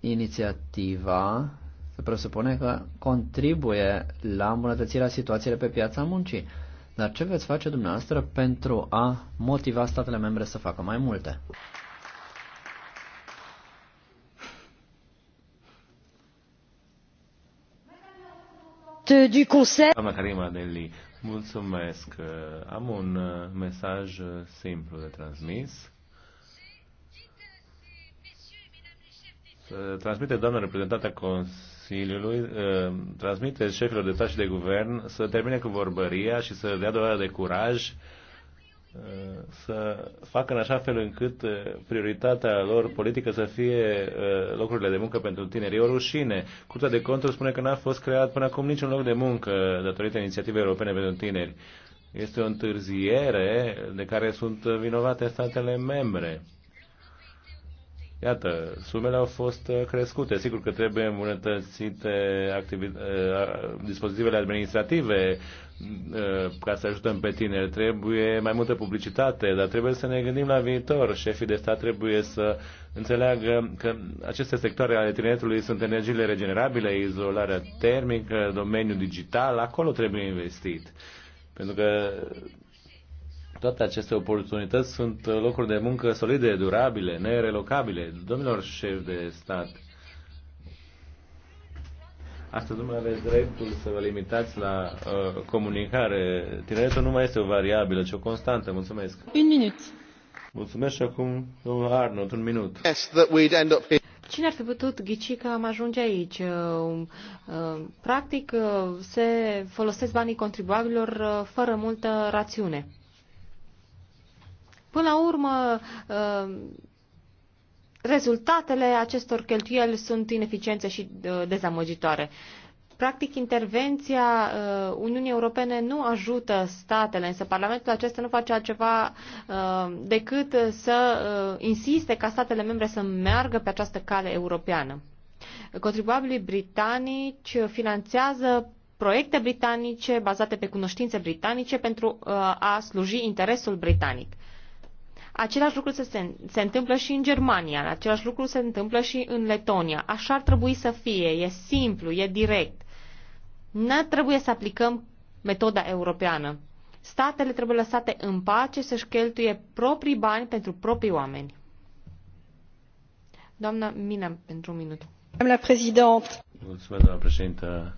Inițiativa se presupune că contribuie la îmbunătățirea situației pe piața muncii. Dar ce veți face dumneavoastră pentru a motiva statele membre să facă mai multe? Du Doamna Karima Deli, mulțumesc. Am un uh, mesaj uh, simplu de transmis transmite doamna reprezentată Consiliului, uh, transmite șefilor de stat și de guvern să termine cu vorbăria și să dea dovadă de curaj, uh, să facă în așa fel încât uh, prioritatea lor politică să fie locurile de muncă pentru tineri. E o rușine. Curtea de conturi spune că n-a fost creat până acum niciun loc de muncă datorită inițiativei europene pentru tineri. Este o întârziere de care sunt vinovate statele membre Iată, sumele au fost uh, crescute. Sigur că trebuie îmbunătățite uh, dispozitivele administrative uh, ca să ajutăm pe tineri. Trebuie mai multă publicitate, dar trebuie să ne gândim la viitor. Șefii de stat trebuie să înțeleagă că aceste sectoare ale tineretului sunt energiile regenerabile, izolarea termică, domeniul digital, acolo trebuie investit. Pentru că toate aceste oportunități sunt uh, locuri de muncă solide, durabile, nerelocabile. Domnilor șef de stat, astăzi dumneavoastră aveți dreptul să vă limitați la uh, comunicare. Tineretul nu mai este o variabilă, ci o constantă. Mulțumesc. Un minut. Mulțumesc și acum, domnul Arnold, un minut. Yes, that we'd end up here. Cine ar fi putut ghici că am ajunge aici? Uh, um, uh, practic, se folosesc banii contribuabililor fără multă rațiune. Până la urmă, uh, rezultatele acestor cheltuieli sunt ineficiențe și uh, dezamăgitoare. Practic, intervenția uh, Uniunii Europene nu ajută statele, însă Parlamentul acesta nu face altceva decât să insiste ca statele membre să meargă pe această cale europeană. Contribuabilii britanici finanțează proiecte britanice bazate pe cunoștințe britanice pentru a sluji interesul britanic. Același lucru se, se întâmplă și în Germania, același lucru se întâmplă și în Letonia. Așa ar trebui să fie, e simplu, e direct. Nu trebuie să aplicăm metoda europeană. Statele trebuie lăsate în pace să-și cheltuie proprii bani pentru proprii oameni. Doamna Mina, pentru un minut. Doamna președintă,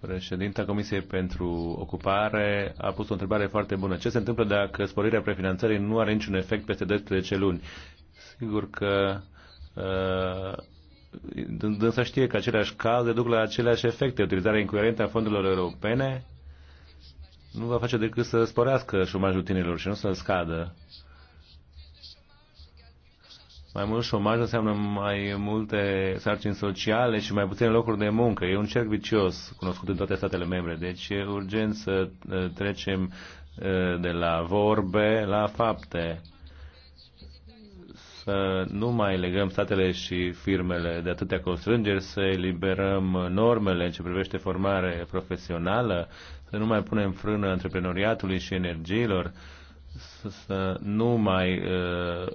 Președinta Comisiei pentru Ocupare a pus o întrebare foarte bună. Ce se întâmplă dacă sporirea prefinanțării nu are niciun efect peste 12 luni? Sigur că uh, dânsa știe că aceleași cauze duc la aceleași efecte. Utilizarea incoerentă a fondurilor europene nu va face decât să sporească șomajul tinerilor și nu să scadă. Mai mult șomaj înseamnă mai multe sarcini sociale și mai puține locuri de muncă. E un cerc vicios cunoscut în toate statele membre. Deci e urgent să uh, trecem uh, de la vorbe la fapte. Să nu mai legăm statele și firmele de atâtea constrângeri, să eliberăm normele în ce privește formare profesională, să nu mai punem frână antreprenoriatului și energiilor să nu mai uh,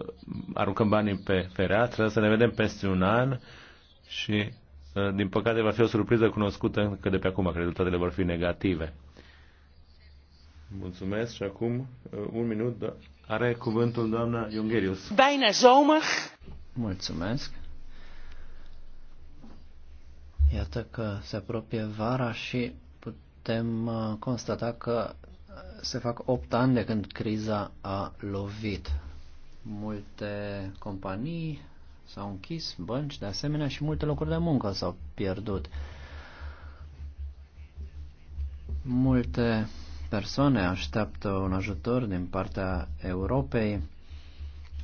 aruncăm banii pe fereastră, să ne vedem peste un an și, uh, din păcate, va fi o surpriză cunoscută că de pe acum rezultatele vor fi negative. Mulțumesc și acum uh, un minut da, are cuvântul doamna Iungherius. Bine zomer! Mulțumesc! Iată că se apropie vara și putem uh, constata că se fac 8 ani de când criza a lovit. Multe companii s-au închis, bănci de asemenea și multe locuri de muncă s-au pierdut. Multe persoane așteaptă un ajutor din partea Europei.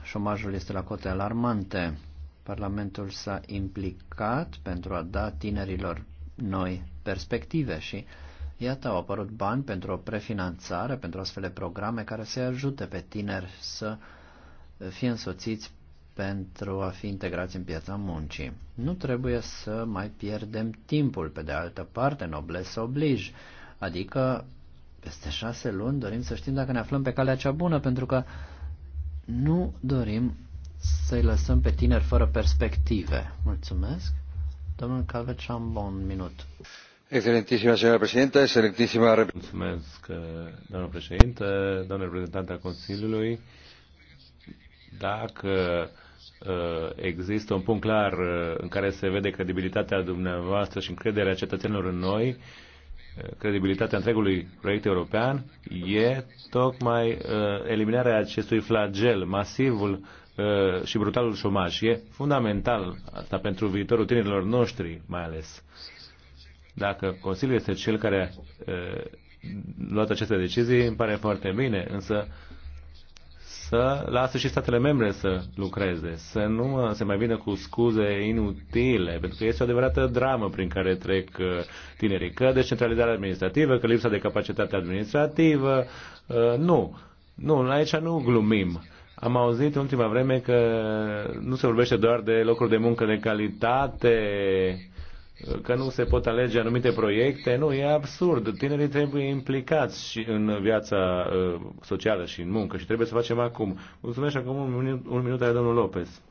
Șomajul este la cote alarmante. Parlamentul s-a implicat pentru a da tinerilor noi perspective și uh, Iată, au apărut bani pentru o prefinanțare, pentru astfel de programe care să-i ajute pe tineri să fie însoțiți pentru a fi integrați în piața muncii. Nu trebuie să mai pierdem timpul, pe de altă parte, nobles oblij, adică peste șase luni dorim să știm dacă ne aflăm pe calea cea bună, pentru că nu dorim să-i lăsăm pe tineri fără perspective. Mulțumesc. Domnul Calvet Chambon, un minut. Eh, doamnă președintă, doamnă reprezentantă a Consiliului. Dacă eh, există un punct clar eh, în care se vede credibilitatea dumneavoastră și încrederea cetățenilor în noi, credibilitatea întregului proiect european, e tocmai eliminarea acestui flagel, masivul și brutalul șomaj. E fundamental asta pentru viitorul tinerilor noștri, mai ales. Dacă Consiliul este cel care a uh, luat aceste decizii, îmi pare foarte bine, însă să lasă și statele membre să lucreze, să nu se mai vină cu scuze inutile, pentru că este o adevărată dramă prin care trec uh, tinerii, că descentralizarea administrativă, că lipsa de capacitate administrativă, uh, nu, nu, aici nu glumim. Am auzit în ultima vreme că nu se vorbește doar de locuri de muncă de calitate, că nu se pot alege anumite proiecte, nu, e absurd. Tinerii trebuie implicați și în viața uh, socială și în muncă și trebuie să facem acum. Mulțumesc acum un minut, un minut de domnul Lopez.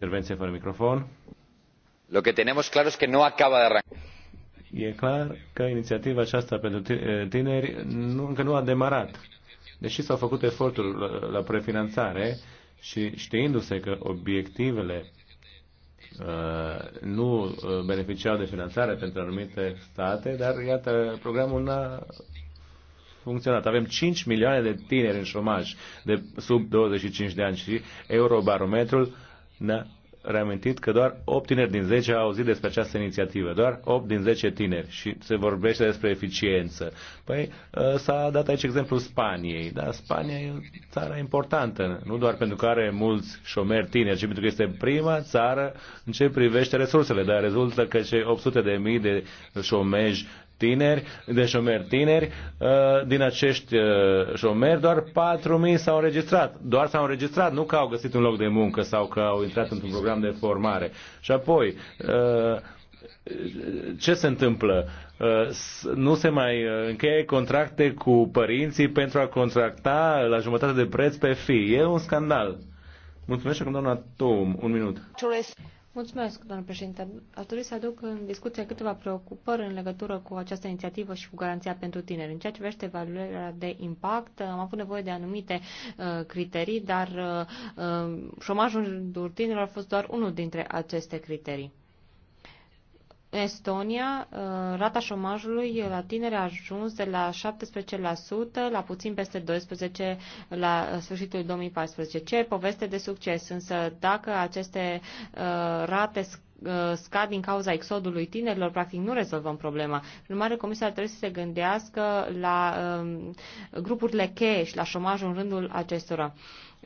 Intervenție fără microfon. Lo que tenemos claro es que no acaba de arrancar. E clar că inițiativa aceasta pentru eh, tineri nu, încă nu a demarat. Deși s-au făcut eforturi la, la prefinanțare, și știindu-se că obiectivele uh, nu uh, beneficiau de finanțare pentru anumite state, dar iată, programul n-a funcționat. Avem 5 milioane de tineri în șomaj de sub 25 de ani și Eurobarometrul ne-a reamintit că doar 8 tineri din 10 au auzit despre această inițiativă, doar 8 din 10 tineri și se vorbește despre eficiență. Păi ă, s-a dat aici exemplul Spaniei, dar Spania e o țară importantă, nu doar pentru că are mulți șomeri tineri, ci pentru că este prima țară în ce privește resursele, dar rezultă că cei 800 de mii de șomeji tineri, de șomeri tineri, uh, din acești uh, șomeri doar 4.000 s-au înregistrat. Doar s-au înregistrat, nu că au găsit un loc de muncă sau că au intrat într-un program de formare. Și apoi, uh, ce se întâmplă? Nu se mai încheie contracte cu părinții pentru a contracta la jumătate de preț pe fi. E un scandal. Mulțumesc acum doamna Tom, un minut. Mulțumesc, doamnă președinte. Aș dori să aduc în discuție câteva preocupări în legătură cu această inițiativă și cu garanția pentru tineri. În ceea ce privește valoarea de impact, am avut nevoie de anumite uh, criterii, dar uh, uh șomajul tinerilor a fost doar unul dintre aceste criterii. Estonia, uh, rata șomajului la tineri a ajuns de la 17% la puțin peste 12% la uh, sfârșitul 2014. Ce poveste de succes, însă dacă aceste uh, rate scad din cauza exodului tinerilor, practic nu rezolvăm problema. În urmare, ar trebuie să se gândească la um, grupurile cheie și la șomajul în rândul acestora.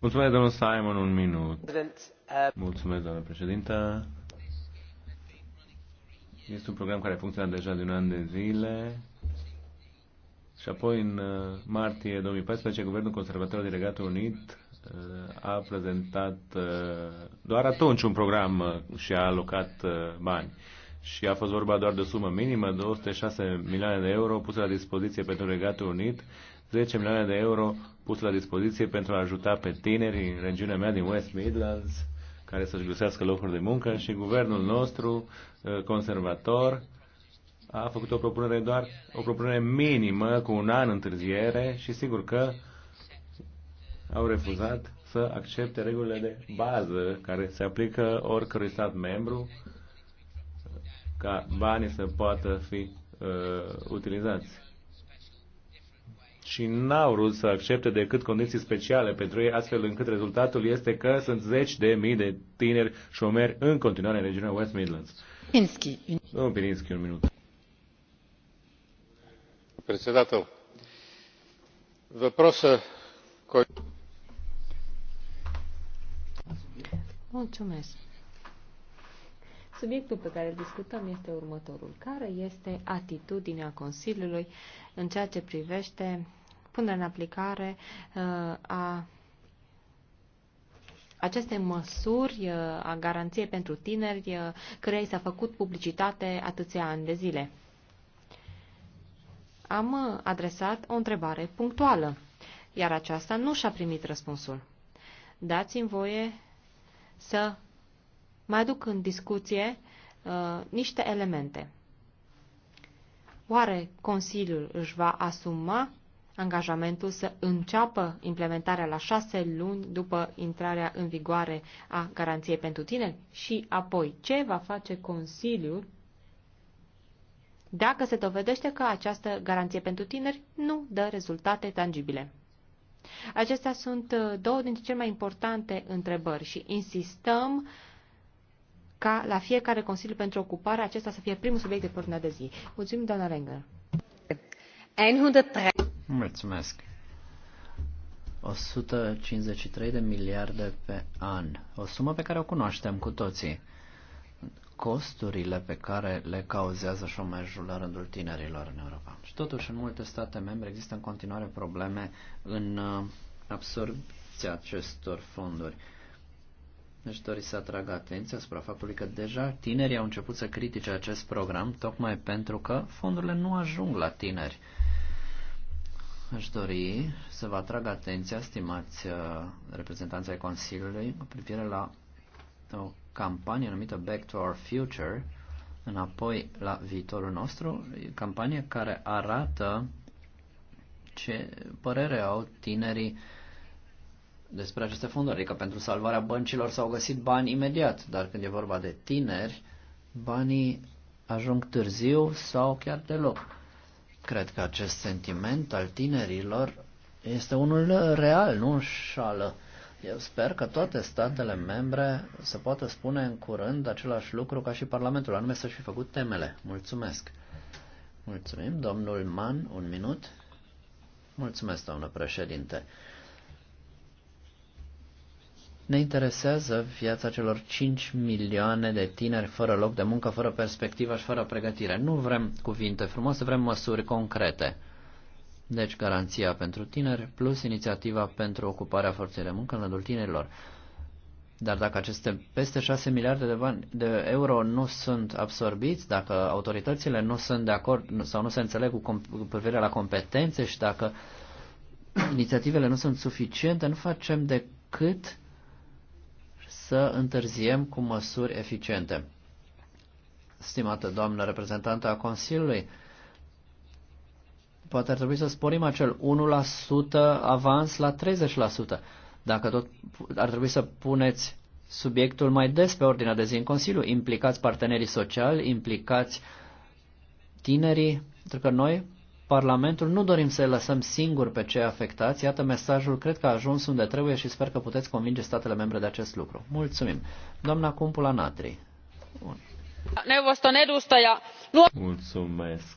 Mulțumesc, domnul Simon, un minut. Uh, Mulțumesc, doamnă președintă. Este un program care funcționează deja de un an de zile. Și apoi, în uh, martie 2014, Guvernul Conservator din Regatul Unit uh, a prezentat doar atunci un program și a alocat bani. Și a fost vorba doar de o sumă minimă, 206 milioane de euro puse la dispoziție pentru Regatul Unit 10 milioane de euro pus la dispoziție pentru a ajuta pe tineri în regiunea mea din West Midlands care să-și găsească locuri de muncă și guvernul nostru uh, conservator a făcut o propunere doar o propunere minimă cu un an întârziere și sigur că au refuzat să accepte regulile de bază care se aplică oricărui stat membru ca banii să poată fi uh, utilizați și n-au vrut să accepte decât condiții speciale pentru ei, astfel încât rezultatul este că sunt zeci de mii de tineri șomeri în continuare în regiunea West Midlands. Pirinski. Domnul Pirinski, un minut. Председател, въпроса, който... Mulțumesc. Subiectul pe care îl discutăm este următorul. Care este atitudinea Consiliului în ceea ce privește punerea în aplicare uh, a aceste măsuri uh, a garanției pentru tineri, uh, care s-a făcut publicitate atâția ani de zile. Am uh, adresat o întrebare punctuală, iar aceasta nu și-a primit răspunsul. Dați-mi voie să mai aduc în discuție uh, niște elemente. Oare Consiliul își va asuma angajamentul să înceapă implementarea la șase luni după intrarea în vigoare a garanției pentru tineri Și apoi, ce va face Consiliul dacă se dovedește că această garanție pentru tineri nu dă rezultate tangibile? Acestea sunt uh, două dintre cele mai importante întrebări și insistăm ca la fiecare Consiliu pentru Ocupare acesta să fie primul subiect de pornă de zi. Mulțumim, doamna Rengler. 103. Mulțumesc. 153 de miliarde pe an. O sumă pe care o cunoaștem cu toții. Costurile pe care le cauzează șomajul la rândul tinerilor în Europa. Și totuși, în multe state membre există în continuare probleme în uh, absorbția acestor fonduri. Deci dori să atragă atenția asupra faptului că deja tinerii au început să critique acest program tocmai pentru că fondurile nu ajung la tineri. Aș dori să vă atrag atenția, stimați uh, reprezentanții ai Consiliului, cu privire la o campanie numită Back to Our Future, înapoi la viitorul nostru, campanie care arată ce părere au tinerii despre aceste fonduri. Adică pentru salvarea băncilor s-au găsit bani imediat, dar când e vorba de tineri, banii ajung târziu sau chiar deloc. Cred că acest sentiment al tinerilor este unul real, nu șală. Eu sper că toate statele membre să poată spune în curând același lucru ca și Parlamentul, anume să-și fi făcut temele. Mulțumesc! Mulțumim, domnul Mann un minut. Mulțumesc, doamnă președinte. Ne interesează viața celor 5 milioane de tineri fără loc de muncă, fără perspectivă și fără pregătire. Nu vrem cuvinte frumoase, vrem măsuri concrete. Deci garanția pentru tineri plus inițiativa pentru ocuparea forței de muncă în rândul tinerilor. Dar dacă aceste peste 6 miliarde de, bani, de euro nu sunt absorbiți, dacă autoritățile nu sunt de acord sau nu se înțeleg cu, cu privire la competențe și dacă inițiativele nu sunt suficiente, nu facem decât să întârziem cu măsuri eficiente. Stimată doamnă reprezentantă a Consiliului, poate ar trebui să sporim acel 1% avans la 30%. Dacă tot ar trebui să puneți subiectul mai des pe ordinea de zi în Consiliu, implicați partenerii sociali, implicați tinerii, pentru că noi Parlamentul nu dorim să-i lăsăm singuri pe cei afectați. Iată mesajul, cred că a ajuns unde trebuie și sper că puteți convinge statele membre de acest lucru. Mulțumim. Doamna Cumpula Natri. Bun. Mulțumesc,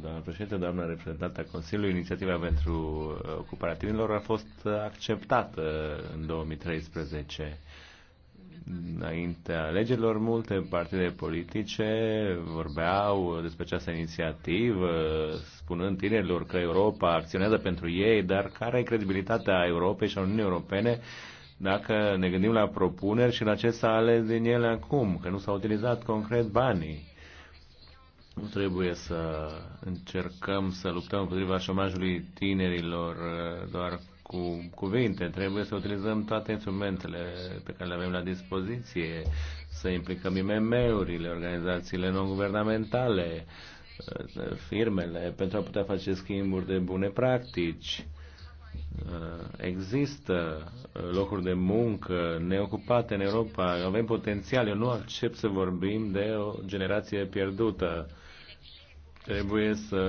doamna președinte, doamna reprezentantă a Consiliului. Inițiativa pentru ocuparea tinerilor a fost acceptată în 2013 înaintea alegerilor, multe partide politice vorbeau despre această inițiativă, spunând tinerilor că Europa acționează pentru ei, dar care e credibilitatea Europei și a Uniunii Europene dacă ne gândim la propuneri și la ce s-a ales din ele acum, că nu s-au utilizat concret banii. Nu trebuie să încercăm să luptăm împotriva șomajului tinerilor doar cu cuvinte, trebuie să utilizăm toate instrumentele pe care le avem la dispoziție, să implicăm IMM-urile, organizațiile non-guvernamentale, firmele, pentru a putea face schimburi de bune practici. Există locuri de muncă neocupate în Europa, avem potențial, eu nu accept să vorbim de o generație pierdută Trebuie să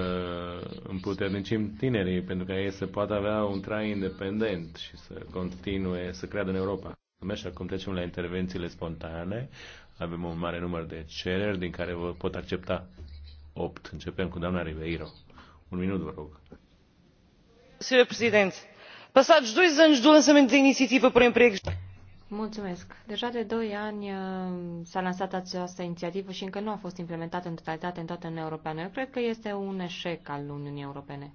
împuternicim tinerii pentru ca ei să poată avea un trai independent și să continue să creadă în Europa. Așa cum trecem la intervențiile spontane, avem un mare număr de cereri din care vă pot accepta 8. Începem cu doamna Ribeiro. Un minut, vă rog. Sr. Presidente, passados dois anos do lançamento da iniciativa para empregos... Mulțumesc. Deja de 2 ani uh, s-a lansat această inițiativă și încă nu a fost implementată în totalitate în toată Uniunea Europeană. Eu cred că este un eșec al Uniunii Europene.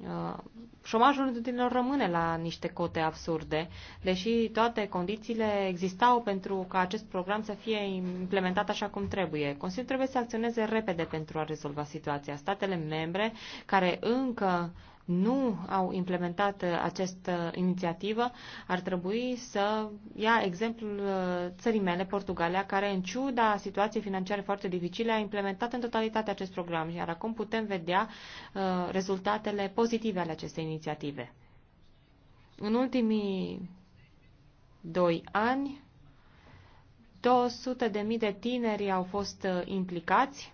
Uh, șomajul studenților rămâne la niște cote absurde, deși toate condițiile existau pentru ca acest program să fie implementat așa cum trebuie. Consiliul trebuie să acționeze repede pentru a rezolva situația. Statele membre care încă nu au implementat uh, această inițiativă, ar trebui să ia exemplul uh, țării mele, Portugalia, care în ciuda situației financiare foarte dificile a implementat în totalitate acest program, iar acum putem vedea uh, rezultatele pozitive ale acestei inițiative. În ultimii doi ani, 200.000 de tineri au fost implicați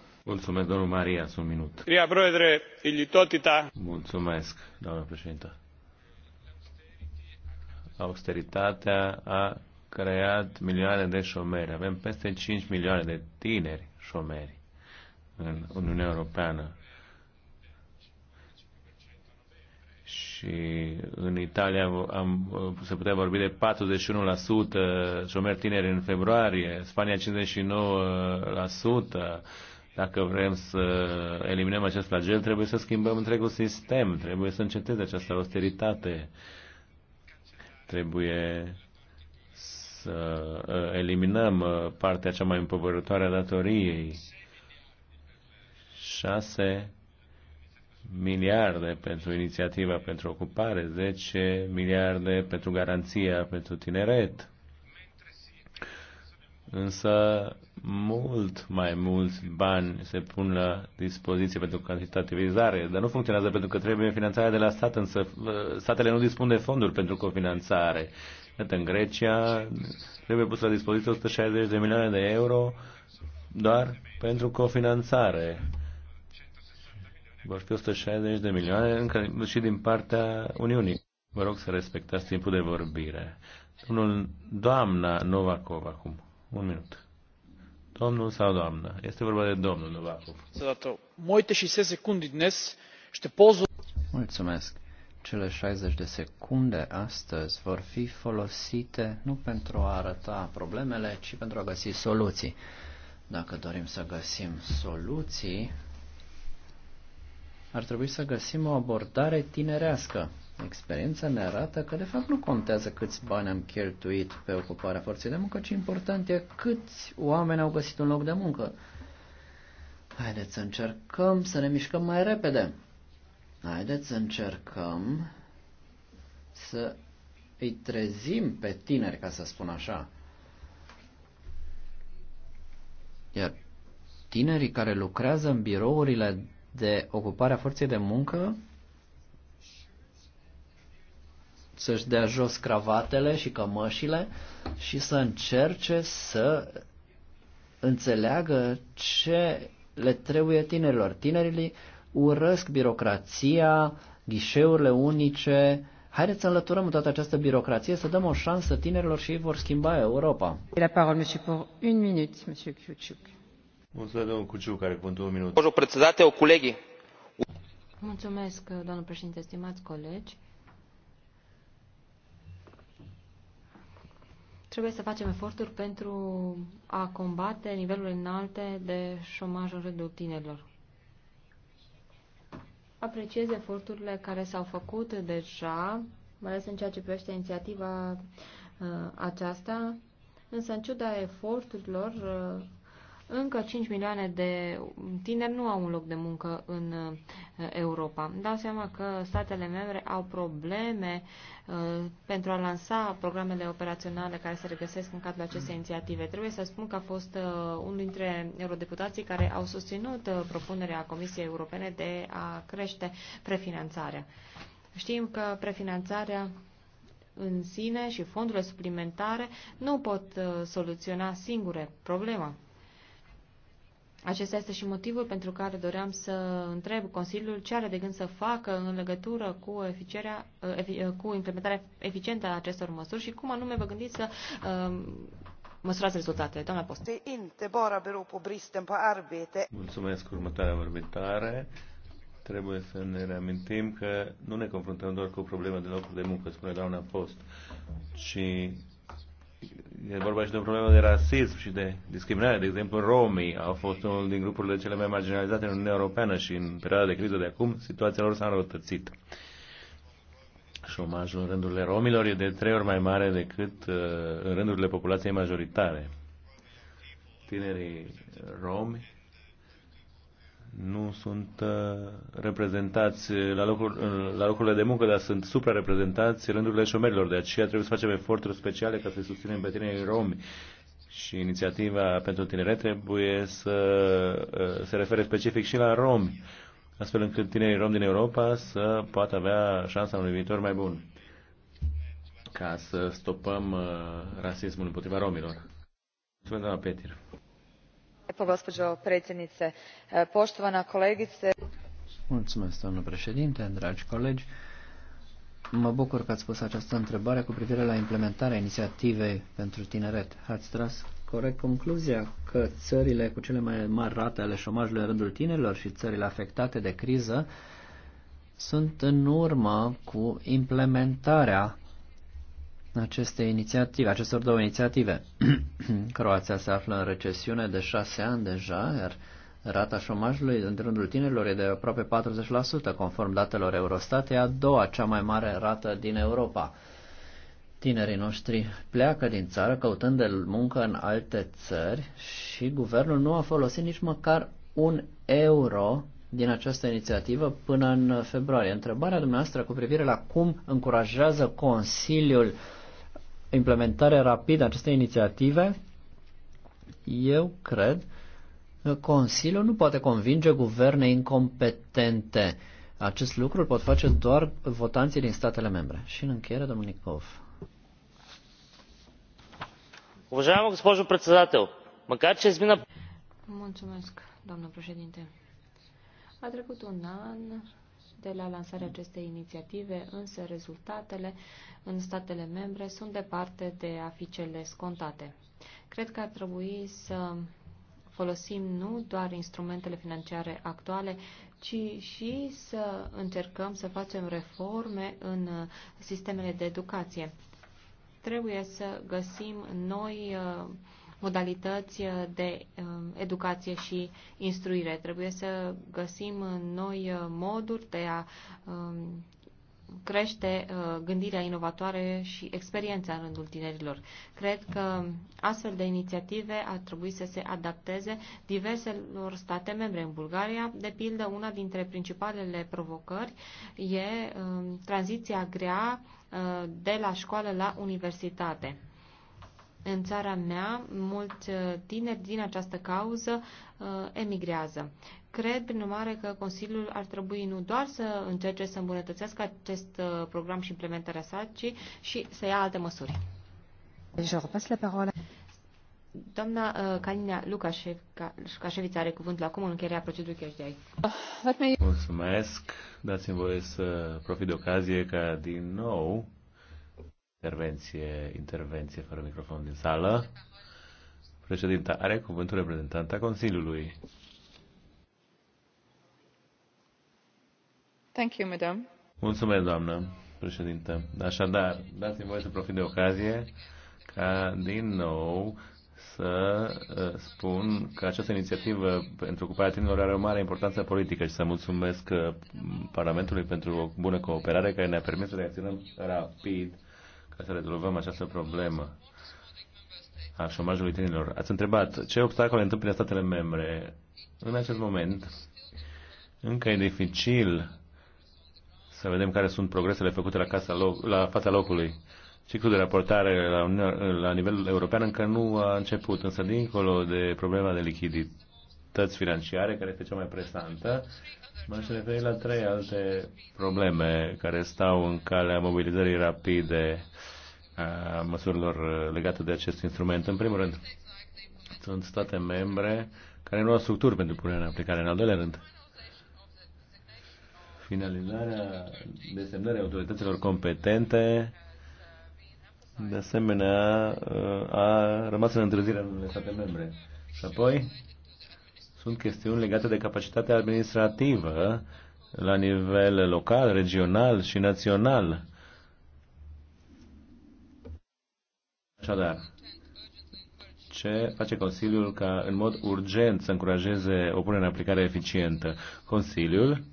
Mulțumesc, domnul Maria, un minut. Mulțumesc, doamnă președintă. Austeritatea a creat milioane de șomeri. Avem peste 5 milioane de tineri șomeri în Uniunea Europeană. și în Italia am, se putea vorbi de 41% șomeri tineri în februarie, Spania 59%, dacă vrem să eliminăm acest flagel, trebuie să schimbăm întregul sistem, trebuie să înceteze această austeritate, trebuie să uh, eliminăm uh, partea cea mai împovărătoare a datoriei. 6 miliarde pentru inițiativa pentru ocupare, 10 miliarde pentru garanția pentru tineret însă mult mai mulți bani se pun la dispoziție pentru cantitativizare, dar nu funcționează pentru că trebuie finanțarea de la stat, însă uh, statele nu dispun de fonduri pentru cofinanțare. Iată, în Grecia trebuie pus la dispoziție 160 de milioane de euro doar pentru cofinanțare. Vor fi 160 de milioane încă și din partea Uniunii. Vă rog să respectați timpul de vorbire. Domnul, doamna Novakov acum. Un minut. Domnul sau doamna? Este vorba de domnul Novakov. Moite și se secundi dnes ște pozul... Mulțumesc. Cele 60 de secunde astăzi vor fi folosite nu pentru a arăta problemele, ci pentru a găsi soluții. Dacă dorim să găsim soluții, ar trebui să găsim o abordare tinerească. Experiența ne arată că de fapt nu contează câți bani am cheltuit pe ocuparea forței de muncă, ci important e câți oameni au găsit un loc de muncă. Haideți să încercăm să ne mișcăm mai repede. Haideți să încercăm să îi trezim pe tineri, ca să spun așa. Iar tinerii care lucrează în birourile de ocupare a forței de muncă să-și dea jos cravatele și cămășile și să încerce să înțeleagă ce le trebuie tinerilor. Tinerii urăsc birocrația, ghișeurile unice. Haideți să înlăturăm toată această birocrație, să dăm o șansă tinerilor și ei vor schimba Europa. La parole, monsieur, pour une minute, monsieur Kiuciuc. Mulțumesc, domnul Cuciu, care cu două minute. Mulțumesc, domnul președinte, stimați colegi. Trebuie să facem eforturi pentru a combate nivelurile înalte de șomaj în rândul tinerilor. Apreciez eforturile care s-au făcut deja, mai ales în ceea ce privește inițiativa uh, aceasta, însă în ciuda eforturilor, uh, încă 5 milioane de tineri nu au un loc de muncă în uh, Europa. Îmi dau seama că statele membre au probleme uh, pentru a lansa programele operaționale care se regăsesc în cadrul acestei inițiative. Trebuie să spun că a fost uh, unul dintre eurodeputații care au susținut uh, propunerea Comisiei Europene de a crește prefinanțarea. Știm că prefinanțarea în sine și fondurile suplimentare nu pot soluționa singure problema. Acesta este și motivul pentru care doream să întreb Consiliul ce are de gând să facă în legătură cu, uh, uh, cu implementarea eficientă a acestor măsuri și cum anume vă gândiți să uh, măsurați rezultatele. Doamna Post. Mulțumesc următoarea vorbitare. Trebuie să ne reamintim că nu ne confruntăm doar cu probleme de locuri de muncă, spune doamna Post, ci e vorba și de o problemă de rasism și de discriminare. De exemplu, romii au fost unul din grupurile cele mai marginalizate în Uniunea Europeană și în perioada de criză de acum, situația lor s-a înrăutățit. Șomajul în rândurile romilor e de trei ori mai mare decât uh, în rândurile populației majoritare. Tinerii romi nu sunt uh, reprezentați uh, la, locul, uh, la locurile de muncă, dar sunt suprareprezentați în rândurile șomerilor. De aceea trebuie să facem eforturi speciale ca să-i susținem pe tinerii romi. Și inițiativa pentru tineret trebuie să se refere specific și la romi, astfel încât tinerii romi din Europa să poată avea șansa unui viitor mai bun ca să stopăm rasismul împotriva romilor. Mulțumesc, doamna Petir gospođo predsjednice poštovana kolegice. mulțumesc președinte dragi colegi mă bucur că ați pus această întrebare cu privire la implementarea inițiativei pentru tineret. Ați tras corect concluzia că țările cu cele mai mari rate ale șomajului în rândul tinerilor și țările afectate de criză sunt în urmă cu implementarea aceste inițiative, acestor două inițiative. Croația se află în recesiune de șase ani deja, iar rata șomajului în rândul tinerilor e de aproape 40%, conform datelor Eurostat, e a doua cea mai mare rată din Europa. Tinerii noștri pleacă din țară căutând de muncă în alte țări și guvernul nu a folosit nici măcar un euro din această inițiativă până în februarie. Întrebarea dumneavoastră cu privire la cum încurajează Consiliul uh, implementare rapidă a acestei inițiative, eu cred că Consiliul nu poate convinge guverne incompetente. Acest lucru îl pot face doar votanții din statele membre. Și în încheiere, Dominicov. Уважаема госпожо председател, макар че измина... Mulțumesc, doamnă președinte. A trecut un an de la lansarea acestei inițiative, însă rezultatele în statele membre sunt departe de a fi cele scontate. Cred că ar trebui să folosim nu doar instrumentele financiare actuale, ci și să încercăm să facem reforme în sistemele de educație. Trebuie să găsim noi uh, modalități uh, de um, educație și instruire. Trebuie să găsim uh, noi uh, moduri de a um, crește gândirea inovatoare și experiența în rândul tinerilor. Cred că astfel de inițiative ar trebui să se adapteze diverselor state membre. În Bulgaria, de pildă, una dintre principalele provocări e um, tranziția grea de la școală la universitate. În țara mea, mulți uh, tineri din această cauză uh, emigrează. Cred, prin urmare, că Consiliul ar trebui nu doar să încerce să îmbunătățească acest uh, program și implementarea sa, ci și să ia alte măsuri. la Doamna uh, Kalina Lukașevița are cuvântul acum în încheierea procedurii CHDI. Mulțumesc. Dați-mi voie să profit de ocazie ca din nou Intervenție, intervenție fără microfon din sală. Președinta are cuvântul reprezentanta Consiliului. Thank you, madam. Mulțumesc, doamnă președintă. Așadar, dați-mi voie să profit de ocazie ca din nou să uh, spun că această inițiativă pentru ocuparea tinerilor are o mare importanță politică și să mulțumesc uh, Parlamentului pentru o bună cooperare care ne-a permis să reacționăm rapid ca să rezolvăm această problemă a șomajului tinerilor. Ați întrebat ce obstacole întâmpină statele membre. În acest moment încă e dificil să vedem care sunt progresele făcute la, casa loc, la fața locului. Ciclul de raportare la, la nivel european încă nu a început, însă dincolo de problema de lichidit dificultăți financiare, care este cea mai presantă. M-aș referi la trei alte probleme care stau în calea mobilizării rapide a măsurilor legate de acest instrument. În primul rând, sunt state membre care nu au structuri pentru punerea în aplicare. În al doilea rând, finalizarea desemnării autorităților competente de asemenea a rămas în întârziere în unele state membre. Și apoi, sunt chestiuni legate de capacitatea administrativă la nivel local, regional și național. Așadar, ce face Consiliul ca în mod urgent să încurajeze o punere în aplicare eficientă? Consiliul,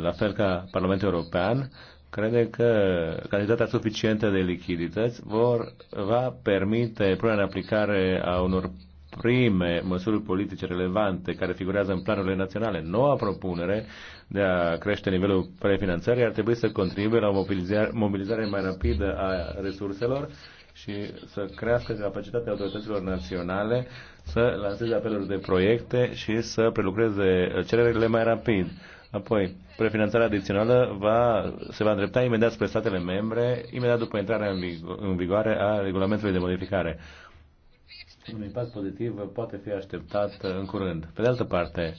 la fel ca Parlamentul European, crede că cantitatea suficientă de lichidități vor, va permite punerea în aplicare a unor prime măsuri politice relevante care figurează în planurile naționale. Noua propunere de a crește nivelul prefinanțării ar trebui să contribuie la o mobilizare, mobilizare mai rapidă a resurselor și să crească capacitatea autorităților naționale să lanseze apeluri de proiecte și să prelucreze cererile mai rapid. Apoi, prefinanțarea adițională va, se va îndrepta imediat spre statele membre, imediat după intrarea în, vigo- în vigoare a regulamentului de modificare un impact pozitiv poate fi așteptat în curând. Pe de altă parte,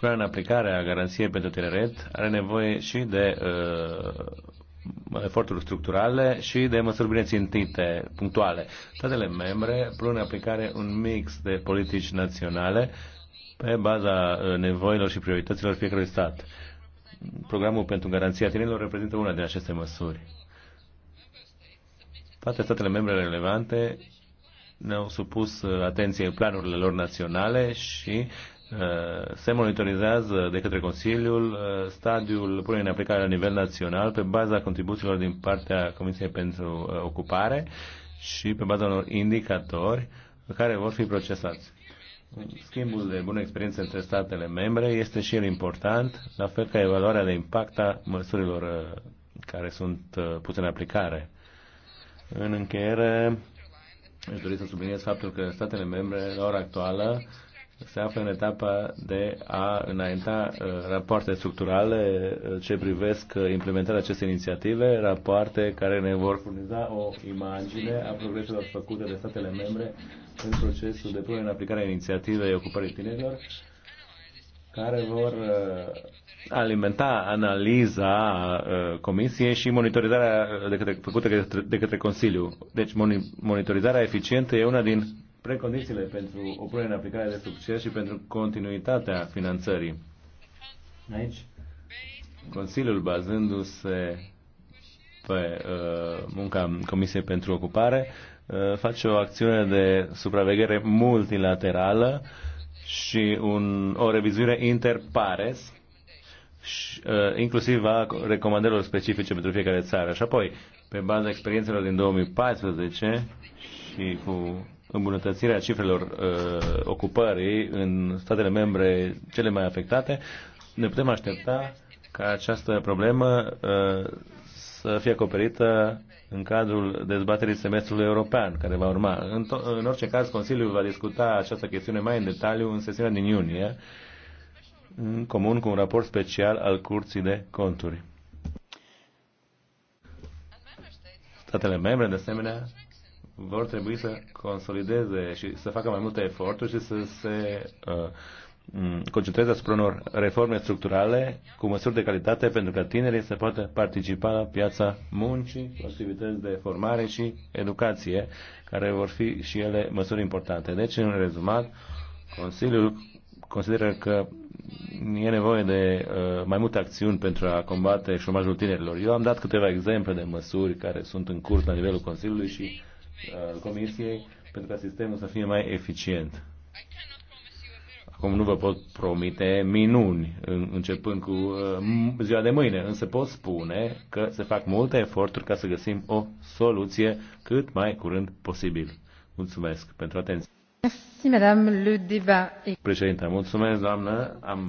până în aplicarea garanției pentru tineret are nevoie și de uh, eforturi structurale și de măsuri bine țintite, punctuale. Statele membre până în aplicare un mix de politici naționale pe baza uh, nevoilor și priorităților fiecărui stat. Programul pentru garanția tinerilor reprezintă una din aceste măsuri. Toate statele membre relevante ne-au supus uh, atenție planurile lor naționale și uh, se monitorizează de către Consiliul uh, stadiul punerii în aplicare la nivel național pe baza contribuțiilor din partea Comisiei pentru Ocupare și pe baza unor indicatori care vor fi procesați. Schimbul de bună experiență între statele membre este și el important, la fel ca evaluarea de impact a măsurilor care sunt puse în aplicare. În încheiere, Aș dori să subliniez faptul că statele membre, la ora actuală, se află în etapa de a înainta uh, rapoarte structurale uh, ce privesc uh, implementarea acestei inițiative, rapoarte care ne vor furniza o imagine a progreselor făcute de statele membre în procesul de punere în aplicare a inițiativei ocupării tinerilor care vor uh, alimenta analiza uh, Comisiei și monitorizarea uh, de către, făcută de către Consiliu. Deci monitorizarea eficientă e una din precondițiile pentru o punere în aplicare de succes și pentru continuitatea finanțării. Aici, Consiliul, bazându-se pe uh, munca Comisiei pentru Ocupare, uh, face o acțiune de supraveghere multilaterală uh, și un, o revizuire interpares, și, uh, inclusiv a recomandărilor specifice pentru fiecare țară. Și apoi, pe baza experiențelor din 2014 și cu îmbunătățirea cifrelor uh, ocupării în statele membre cele mai afectate, ne putem aștepta ca această problemă uh, să fie acoperită în cadrul dezbaterii semestrului european care va urma. În, în orice caz, Consiliul va discuta această chestiune mai în detaliu în sesiunea din iunie, în comun cu un raport special al Curții de Conturi. Statele membre, de asemenea, vor trebui să consolideze și să facă mai multe eforturi și să se uh, Mm, concentrez asupra unor reforme structurale cu măsuri de calitate pentru ca tinerii să poată participa la piața muncii, activități de formare și educație, care vor fi și ele măsuri importante. Deci, în rezumat, Consiliul consideră că e nevoie de uh, mai multe acțiuni pentru a combate șomajul tinerilor. Eu am dat câteva exemple de măsuri care sunt în curs la nivelul Consiliului și uh, Comisiei pentru ca sistemul să fie mai eficient. Acum nu vă pot promite minuni începând cu uh, ziua de mâine, însă pot spune că se fac multe eforturi ca să găsim o soluție cât mai curând posibil. Mulțumesc pentru atenție. Președinte, mulțumesc, doamnă. Am